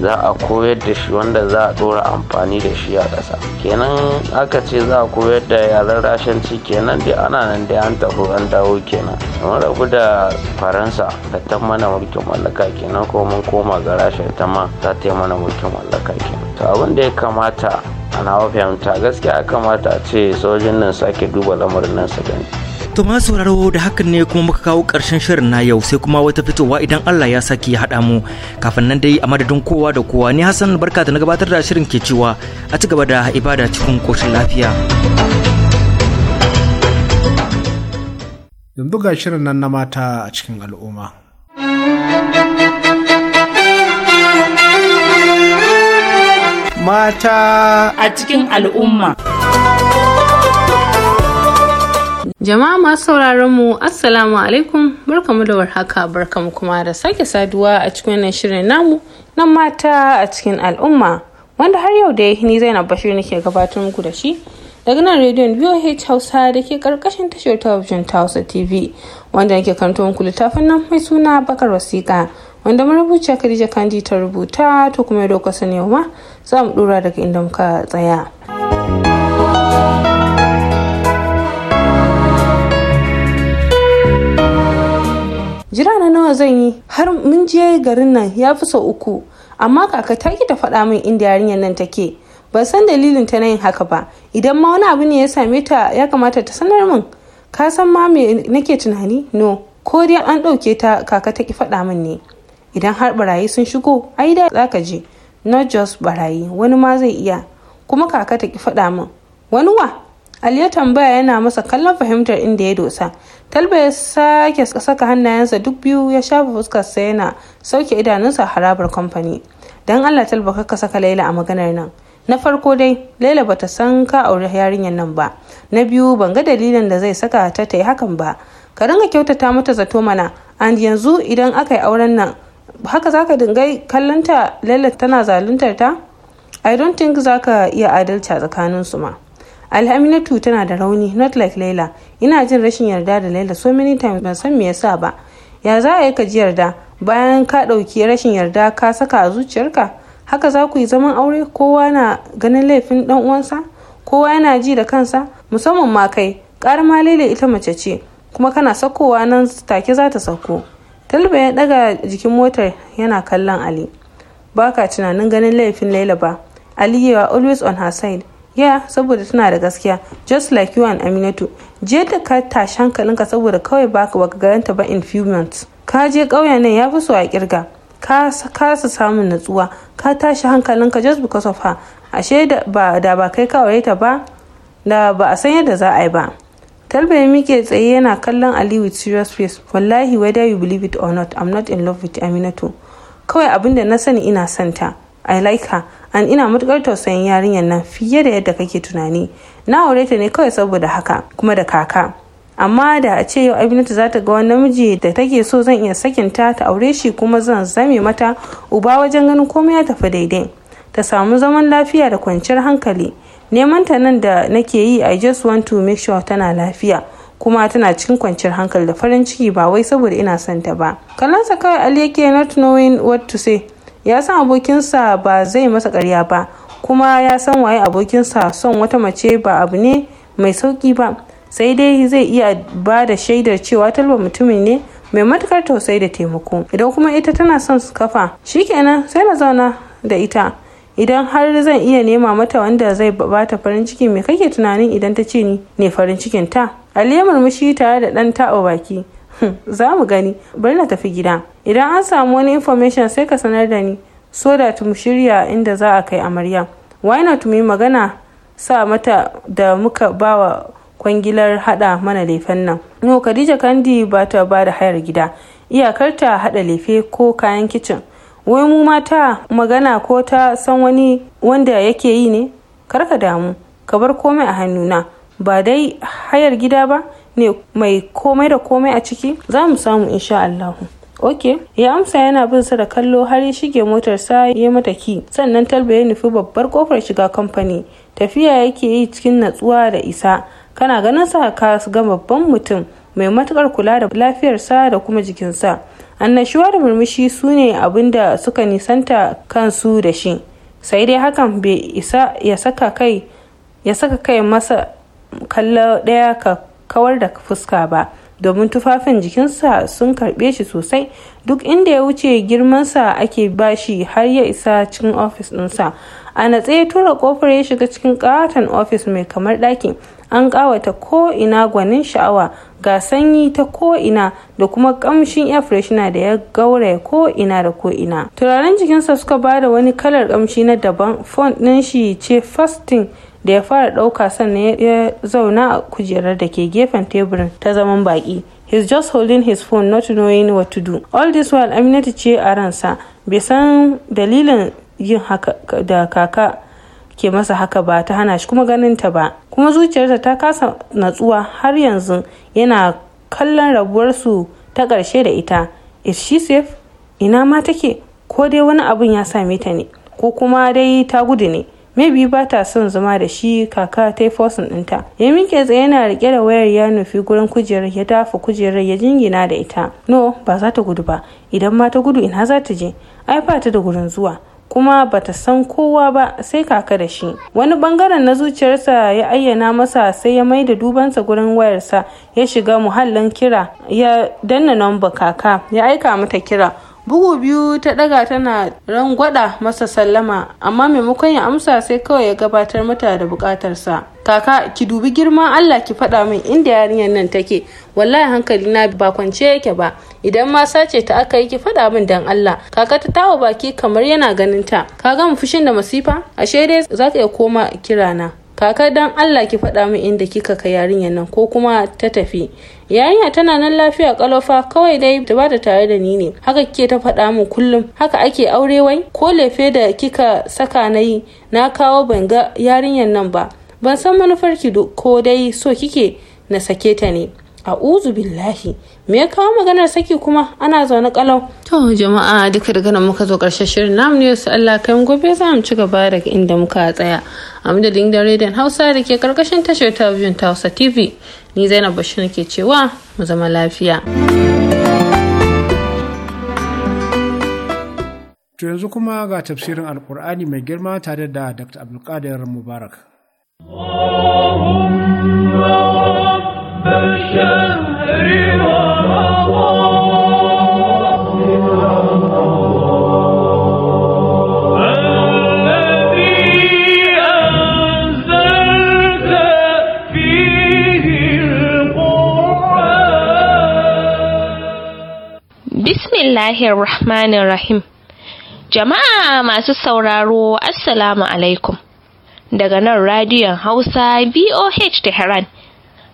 za a koyar da shi wanda za a ɗora amfani da shi a ƙasa kenan aka ce za a koyar da yaren rashanci kenan dai ana nan dai an tafi an dawo kenan kuma rabu da faransa da ta mana mulkin mallaka kenan ko mun koma ga rasha ta ma za ta yi mana mulkin mallaka kenan to abin da ya kamata ana fahimta gaskiya ya kamata a ce sojin nan sake duba lamarin nan su gani To ma sauraro da hakan ne kuma muka kawo ƙarshen shirin na yau sai kuma wata fitowa idan Allah ya saki ya haɗa mu kafin nan dai a madadin kowa da kowa ni Hassan barka da na gabatar da shirin ke cewa a ci gaba da ibada cikin ƙoshin lafiya. Yanzu ga shirin nan na mata a cikin al'umma. Mata a cikin al'umma. Jama'a masu sauraron mu Assalamu alaikum barkamu da warhaka barkamu kuma da sake saduwa a cikin wannan shirin namu na mata a cikin al'umma wanda har yau da ya ni Zainab Bashir nake gabatar muku da shi daga nan rediyon VOH Hausa da ke karkashin tashar talabijin ta Hausa TV wanda nake kanto muku littafin nan mai suna Bakar Wasiƙa wanda marubuciya Khadija Kandi ta rubuta to kuma yau dauka kuka za mu dora daga inda muka tsaya. jira na nawa zan yi har mun je garin nan ya fi sau uku amma kaka ta ki ta faɗa min inda yarinyar nan take ban san dalilin ta na yin haka ba idan ma wani abu ne ya same ta ya kamata ta sanar min ka san ma me nake tunani no ko dai an ɗauke ta kaka ta ki faɗa min ne idan har barayi sun shigo ai da za ka je not just barayi wani ma zai iya kuma kaka ta ki faɗa min wani wa Ali ya tambaya yana masa kallon fahimtar inda ya dosa. Talba ya sake saka hannayensa duk biyu ya shafa fuskarsa yana sauke idanunsa harabar kamfani. dan Allah Talba ka saka Laila a maganar nan. Na farko dai, Laila bata san ka aure yarinyar nan ba. Na biyu, ban ga dalilin da zai saka ta ta yi hakan ba. Ka ringa kyautata mata zato mana, and yanzu idan aka yi auren nan, haka zaka dinga kallonta Laila tana zaluntar ta? I don't think zaka iya adalci a tsakaninsu ma. alhaminatu tana da rauni not like laila ina jin rashin yarda da laila so many times ban san me yasa ba ya za a yi ka ji yarda bayan ka ɗauki rashin yarda ka saka a zuciyarka haka za ku yi zaman aure kowa na ganin laifin ɗan uwansa kowa yana ji da kansa musamman ma kai ƙar ma laila ita mace ce kuma kana sakowa nan take za ta sako talba ya ɗaga jikin motar yana kallon ali baka tunanin ganin laifin laila ba ali yawa always on her side yeah saboda tana da gaskiya just like you and aminatu je da ka tashi hankalinka saboda kawai baka baka garanta ba in few months ka je kauyen nan ya fi so a kirga ka kasa samun natsuwa ka tashi hankalinka just because of her ashe da ba da ba kai kawai ta ba da ba a san yadda za a yi ba talba ya mike tsaye yana kallon ali with serious face wallahi whether you believe it or not i'm not in love with aminatu kawai abin da na sani ina santa i like her an ina matukar tausayin yarinyar nan fiye da yadda kake tunani na aure ta ne kawai saboda haka kuma da kaka amma da a ce yau abinatu za ta ga wani namiji da take so zan iya sakinta ta aure shi kuma zan zame mata uba wajen ganin komai ya tafi daidai ta samu zaman lafiya da kwanciyar hankali neman ta nan da nake yi i just want to make sure tana lafiya kuma tana cikin kwanciyar hankali da farin ciki ba wai saboda ina son ta ba sa kawai ali yake not knowing what to say ya san abokinsa ba zai masa karya ba kuma ya san waye abokinsa son wata mace ba abu ne mai sauƙi ba sai dai zai iya ba da shaidar cewa talba mutumin ne mai matukar tausayi da taimako idan kuma ita tana son su kafa shikenan sai na zauna da ita idan har zan iya nema mata wanda zai bata farin ciki me kake tunanin idan ta ce ni ne farin cikin ta aliya murmushi tare da dan taɓa baki za mu gani bari na tafi gida idan an samu wani information sai ka sanar da ni so da mu shirya inda za a kai amarya why not mu yi magana sa mata da muka bawa kwangilar hada mana lefen nan no khadija kandi ba ta ba da hayar gida iyakar ta hada lefe ko kayan kicin wai mu mata magana ko ta san wani wanda yake yi ne kar ka damu ka bar komai a hannuna ba dai hayar gida ba ne mai komai da komai a ciki za mu samu insha Allahu. ok ya amsa yana bin sa da kallo har ya shige motarsa ya mata ki sannan talba ya nufi babbar kofar shiga kamfani tafiya yake yi cikin natsuwa da isa kana ganin sa ka ga babban mutum mai matukar kula da lafiyarsa da kuma jikinsa annashuwa da murmushi sune ne da suka nisanta kansu da shi sai dai hakan bai isa ya saka kai ya saka kai masa kallo ɗaya ka kawar da fuska ba domin tufafin jikinsa sun karbe shi sosai duk inda ya wuce girmansa ake bashi har ya isa cikin ofis ɗinsa a ya tura kofar ya shiga cikin katon ofis mai kamar ɗakin. an kawata ko ina gwanin sha'awa ga sanyi ta ko ina da kuma kamshin air freshener da ya gauraya ko ina da ko ina turaren jikinsa suka ba da wani kalar kamshi na daban font ɗin shi ce fasting da ya fara ɗauka sannan ya zauna a kujerar da ke gefen teburin ta zaman baki he's just holding his phone not knowing what to do all this while aminatu ce a ransa bai san dalilin yin haka da kaka ke masa haka ba ta hana shi kuma ganin ta ba kuma zuciyarsa ta kasa natsuwa har yanzu yana kallon rabuwarsu ta ƙarshe da ita is she safe ina ma take ko dai wani abun ya same ta ne ko kuma dai ta gudu ne maybe ba ta son zama da shi kaka ta yi fosin ɗinta ya minke tsaye yana riƙe da wayar ya nufi gurin kujerar ya dafa kujerar ya jingina da ita no ba za ta gudu ba idan ma ta gudu ina za ta je ai ba ta da gurin zuwa kuma ba ta san kowa ba sai kaka da shi wani bangaren na zuciyarsa ya ayyana masa sai ya maida dubansa gurin wayarsa ya shiga muhallin kira ya danna nomba kaka ya aika mata kira bugu biyu ta daga tana rangwada masa sallama amma maimakon ya amsa sai kawai ya gabatar mata da bukatarsa kaka ki dubi girma allah ki faɗa min inda yarinyar nan take wallahi hankali na ba kwance yake ba idan ma sace ta aka yi ki faɗa min dan allah kaka ta tawa baki kamar yana ganin ta ka gama fushin da masifa ashe dai za ka iya koma kirana kaka dan allah ki faɗa min inda kika ka yarinyar nan ko kuma ta tafi yarinya tana nan lafiya kalofa kawai dai ta bata tare da ni ne haka kike ta faɗa min kullum haka ake aure wai ko lefe da kika saka na yi na kawo ban ga yarinyar nan ba ban san manufar ki ko dai so kike na sake ta ne a'uzu billahi me ya kawo maganar saki kuma ana zaune kalau to jama'a duka daga nan muka zo karshen shirin namu ne su Allah kai gobe za mu ci gaba da inda muka tsaya a madadin da hausa da ke karkashin tashar talabijin ta hausa tv ni zainab bashir ke cewa mu zama lafiya to yanzu kuma ga tafsirin alkur'ani mai girma tare da dr abdulkadir mubarak Allahumma فالشهر رمضان الذي أنزلت فيه القرآن بسم الله الرحمن الرحيم Jama'a masu sauraro, Assalamu alaikum. Daga nan radiyon Hausa BOH Tehran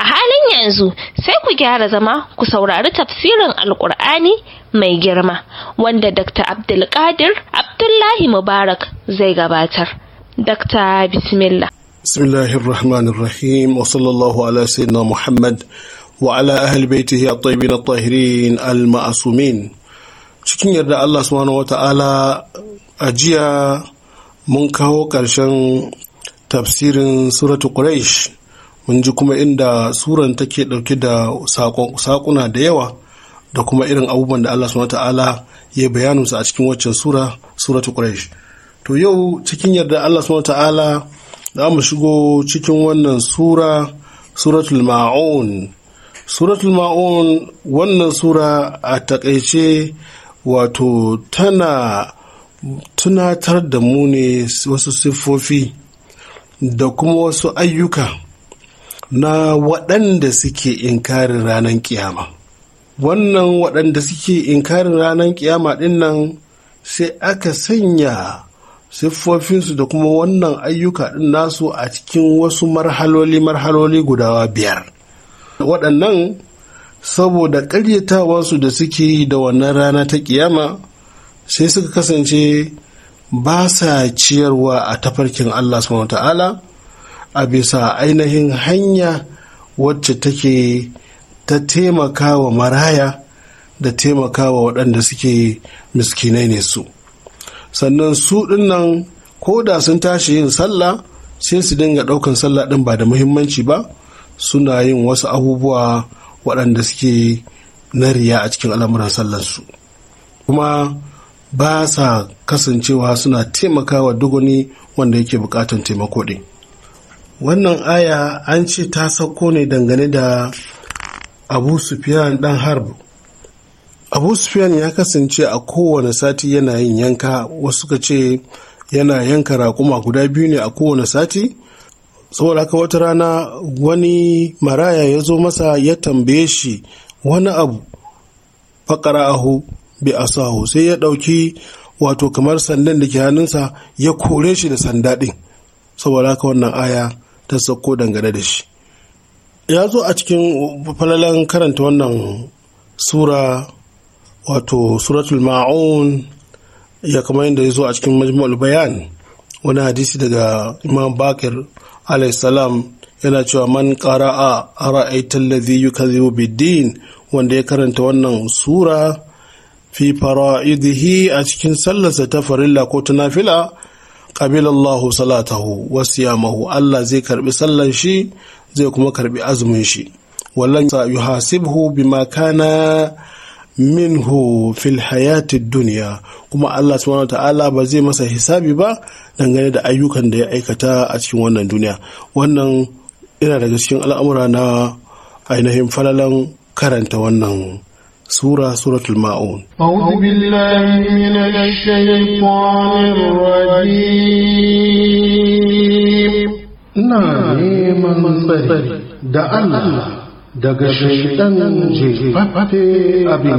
a halin yanzu sai ku gyara zama ku saurari tafsirin alkur'ani mai girma wanda dr abdulkadir abdullahi mubarak zai gabatar dr bismillah bismillahir rahmanir rahim wa sallallahu ala sayyidina muhammad wa ala ahli baitihi at-tayyibin at-tahirin al-ma'sumin cikin yarda Allah subhanahu wa a jiya mun kawo ƙarshen tafsirin suratu quraish mun ji kuma inda suran take ɗauke da sakuna da yawa da kuma irin abubuwan da Allah subhanahu ta'ala ya su a cikin waccan sura suratu quraish to yau cikin yarda Allah subhanahu ta'ala za mu shigo cikin wannan sura suratul ma'un suratul ma'un wannan sura a takaice wato tana tunatar da mu ne wasu siffofi da kuma wasu ayyuka na waɗanda suke inkarin ranar ƙiyama. wannan waɗanda suke inkarin ranar kiyama ɗin nan sai aka sanya siffofinsu da kuma wannan ayyuka ɗin nasu a cikin wasu marhaloli marhaloli gudawa biyar waɗannan saboda ƙaryatawarsu da suke yi da wannan rana ta ƙiyama sai suka kasance ba sa ciyarwa a tafarkin Allah subhanahu a bisa ainihin hanya wacce take ta taimaka wa maraya da taimaka wa waɗanda suke miskinai ne su sannan su ɗinnan ko da sun tashi yin sallah sai su dinga ɗaukan sallah ɗin ba da muhimmanci ba suna yin wasu abubuwa waɗanda suke na riya a cikin al'amuran sallarsu kuma ba sa kasancewa suna taimakawa duk wani wanda yake bukatan taimako ɗin wannan aya an ce ta sauko ne dangane da abu sufyan dan harb abu sufyan ya kasance a kowane sati yana yin yanka wasu ka ce yana yanka raƙuma guda biyu ne a kowane sati saboda haka wata rana wani maraya ya zo masa ya tambaye shi wani abu ahu bi asahu sai ya ɗauki wato kamar sandan da ke hannunsa ya kore shi da sanda ɗin saboda haka wannan aya ta sauko dangane da shi ya zo a cikin falalan karanta wannan sura wato suratul ma'un ya kamar yadda ya zo a cikin majmu'ul bayan wani hadisi daga imam bakir salam yana cewa man a ara'aita yi yukazzibu bid biddin wanda ya karanta wannan sura fi fara'idihi a cikin sallarsa ta farilla ko ta nafila Allah salatahu wa siyamahu Allah zai karbi sallan shi zai kuma karbi azumin shi wallan yuhasibhu bima kana minhu fil hayatid duniya kuma Allah subhanahu ta'ala ba zai masa hisabi ba dangane da ayyukan da ya aikata a cikin wannan duniya wannan ina daga cikin al'amura na ainihin falalan karanta wannan سورة سورة الماؤون أعوذ بالله من الشيطان الرجيم نعم من بدل دعا الله دقى شيطان جيفت أبي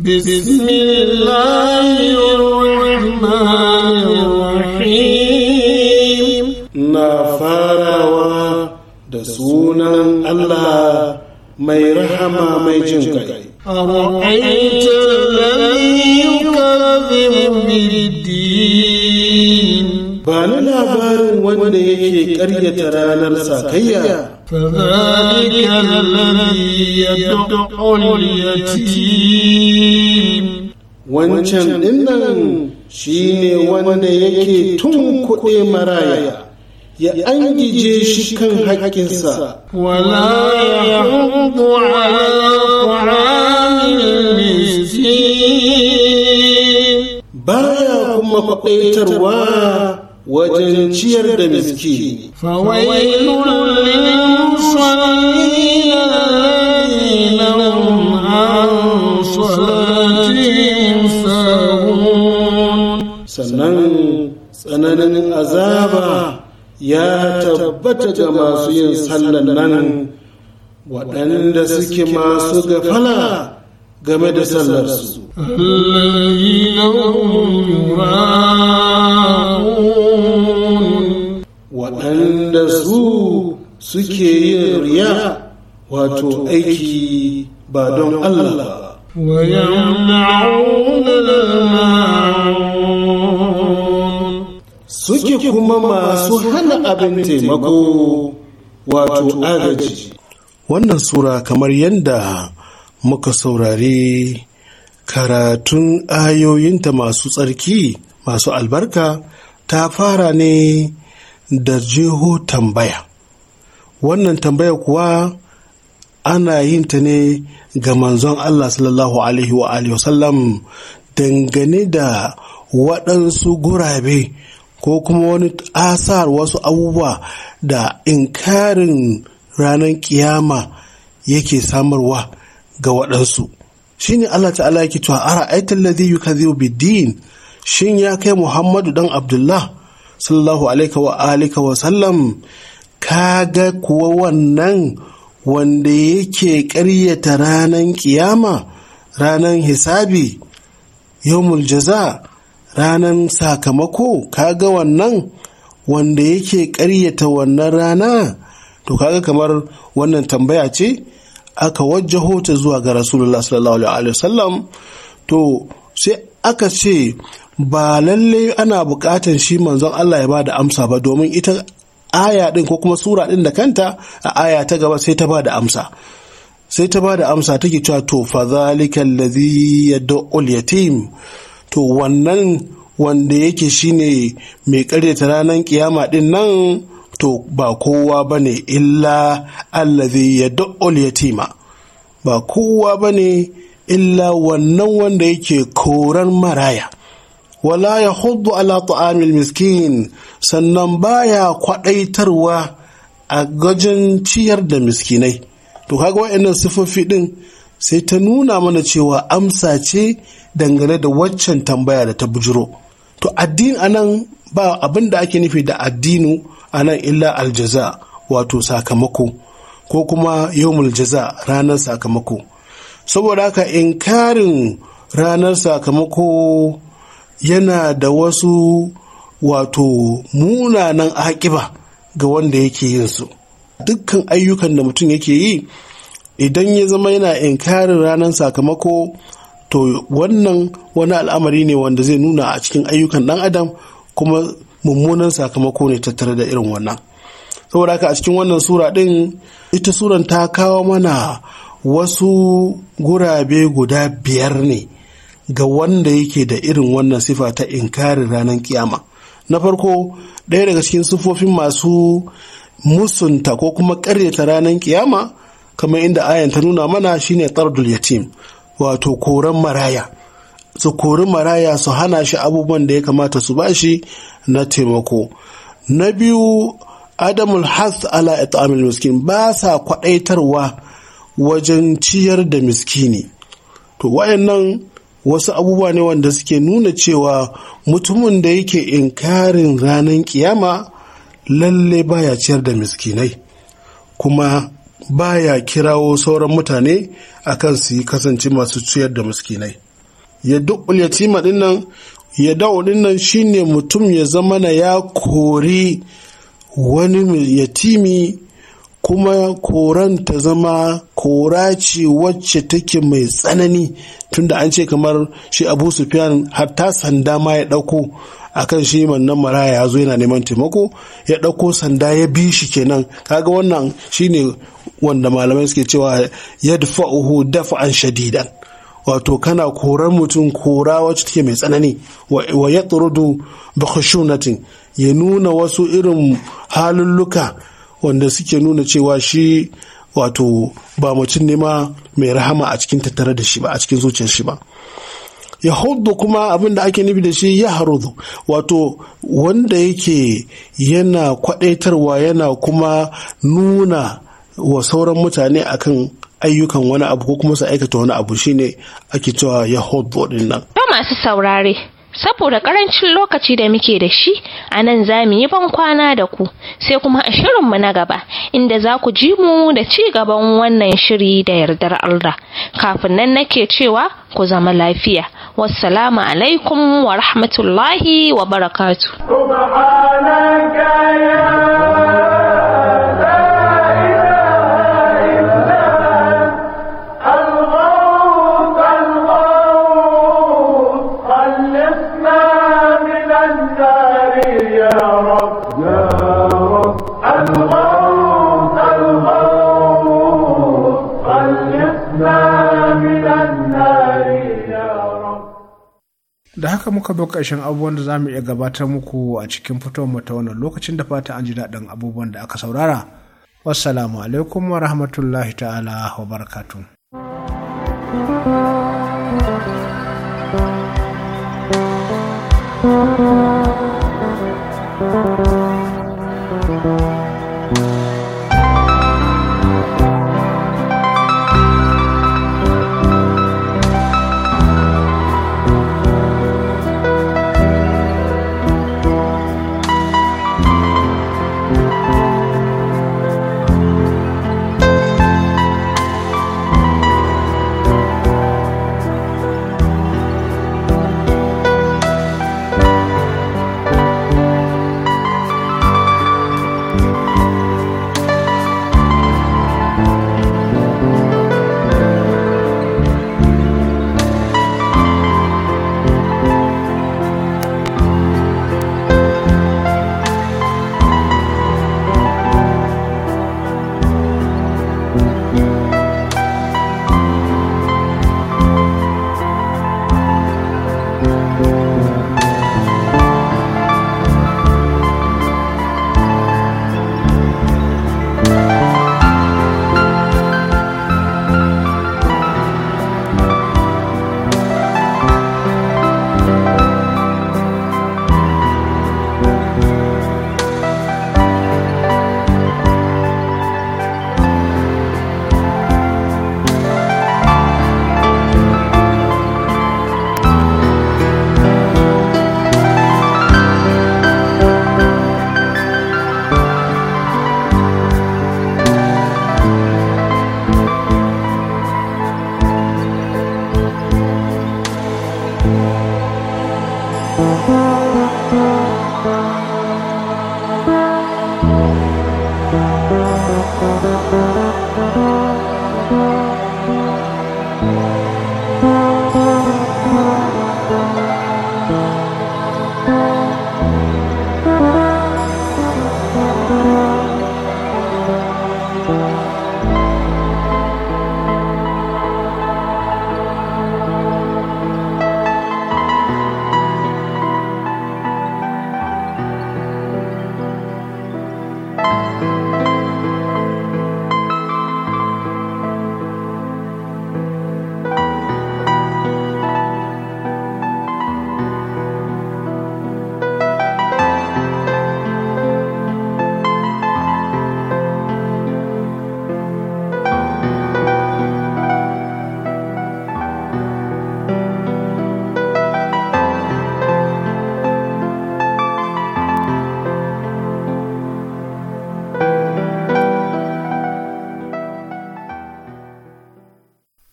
بسم الله الرحمن الرحيم نافارا ودسونا الله ما يرحم ما يجنكي أرأيت الذي يكذب بالدين بان لابار وند قرية ساكيا فذلك الذي يدعو اليتيم wancan dinnan shine wanda yake tun kuɗe maraya ya angije shi kan haƙƙinsa wala ya hudu baya kuma kwaɗaitarwa wajen ciyar da miski fawailun lil tabbata ga masu yin sallan nan waɗanda suke masu gafala game da sallarsu. waɗanda su suke yin riya wato aiki ba don Allah ba. ويمنعون الماعون suke kuma masu hana abin taimako wato agaji. Wannan Sura kamar yadda muka saurari karatun ayoyinta masu tsarki masu albarka ta fara ne da jeho tambaya. Wannan tambaya kuwa ana yin ta ne ga manzon Allah sallallahu Alaihi wa sallam dangane da waɗansu gurabe ko kuma wani asar wasu abubuwa da inkarin ranar kiyama yake samarwa ga waɗansu Shi ne Allah ta'ala yake cewa ara aitan ladhi yukadhibu bi din shin ya kai Muhammadu dan Abdullah sallallahu alaihi wa alika wa sallam kaga kuwa wannan wanda yake karyata ranar kiyama ranar hisabi yawmul jaza' ranan sakamako kaga wannan wanda yake ƙaryata wannan rana to kaga kamar wannan tambaya ce aka wajjaho ta zuwa ga rasulullah sallallahu alaihi wasallam to sai aka ce ba lalle ana buƙatar shi manzon Allah ya ba da amsa ba domin ita aya ɗin ko kuma sura ɗin da kanta a aya ta gaba sai ta ba da amsa sai ta ba da amsa take cewa to fa zalika allazi yad'u al-yatim to wannan wanda yake shine mai karyata ranar kiyama din nan to ba kowa ba ne illa allazi ya da'ul yatima ba kowa ba ne illa wannan wanda yake koran maraya wala ya hudu ala ta'amil miskin sannan baya kwadaitarwa a gajin ciyar da miskinai to kaga wa'annan sifofi din sai ta nuna mana cewa amsa ce dangane da waccan tambaya da ta bujiro to addini anan ba abin da ake nufi da addinu anan illa aljaza wato sakamako ko kuma yawmul jaza ranar sakamako saboda haka in-karin ranar sakamako yana da wasu wato munanan akiba ga wanda yake yin su dukkan ayyukan da mutum yake yi idan ya zama yana inkarin ranar sakamako to wannan wani al'amari ne wanda zai nuna a cikin ayyukan dan adam kuma mummunan sakamako ne tattare da irin wannan saboda haka a cikin wannan sura din ita suran ta kawo mana wasu gurabe guda biyar ne ga wanda yake da irin wannan sifa ta inkarin ranar kiyama na farko ɗaya daga cikin sufofin masu musunta ko kuma ƙaryata ranar kiyama kamar inda ayan ta nuna mana shine tardul yatim wato koran maraya su kori maraya su hana shi abubuwan da ya kamata su bashi na taimako na biyu adamul hath ala it'amil miskin ba sa kwadaitarwa wajen ciyar da miskini to wayannan wasu abubuwa ne wanda suke nuna cewa mutumin da yake inkarin ranar kiyama lalle baya ciyar da miskinai kuma baya kirawo sauran mutane akan su yi kasance masu ciyar da muskinai ya duk din ya dawo din nan shine mutum ya zama na ya kori wani yatimi kuma koran ta zama kora ce wacce take mai tsanani tunda an ce kamar shi abu sufyan hatta sanda ma ya ɗauko akan shi mannan maraya ya zo yana neman taimako ya ɗauko sanda ya bi shi kenan kaga wannan shine wanda malamai suke cewa yadfa'uhu dafa'an shadidan wato kana korar mutum kora wacce take mai tsanani wa ya turudu ya nuna wasu irin halulluka wanda suke nuna cewa shi wato ba mutum ne ma mai rahama a cikin tattare da shi ba a cikin zuciyar shi ba ya kuma abin da ake nufi da shi ya harudu wato wanda yake yana kwadaitarwa yana kuma nuna wa sauran mutane akan ayyukan wani abu ko kuma su aikata wani abu shine ake cewa ya hudu din nan. Ba masu saurare saboda karancin lokaci da muke da shi a nan za mu yi ban kwana da ku sai kuma a shirin mu na gaba inda za ku ji mu da ci gaban wannan shiri da yardar Allah kafin nan nake cewa ku zama lafiya. wassalamu alaikum wa rahmatullahi wa barakatu haka muka zo ƙarshen abubuwan da za mu iya gabatar muku a cikin fitowar ta wannan lokacin da fata an ji daɗin abubuwan da aka saurara. Wassalamu alaikum wa rahmatullahi ta'ala wa barakatu. thank you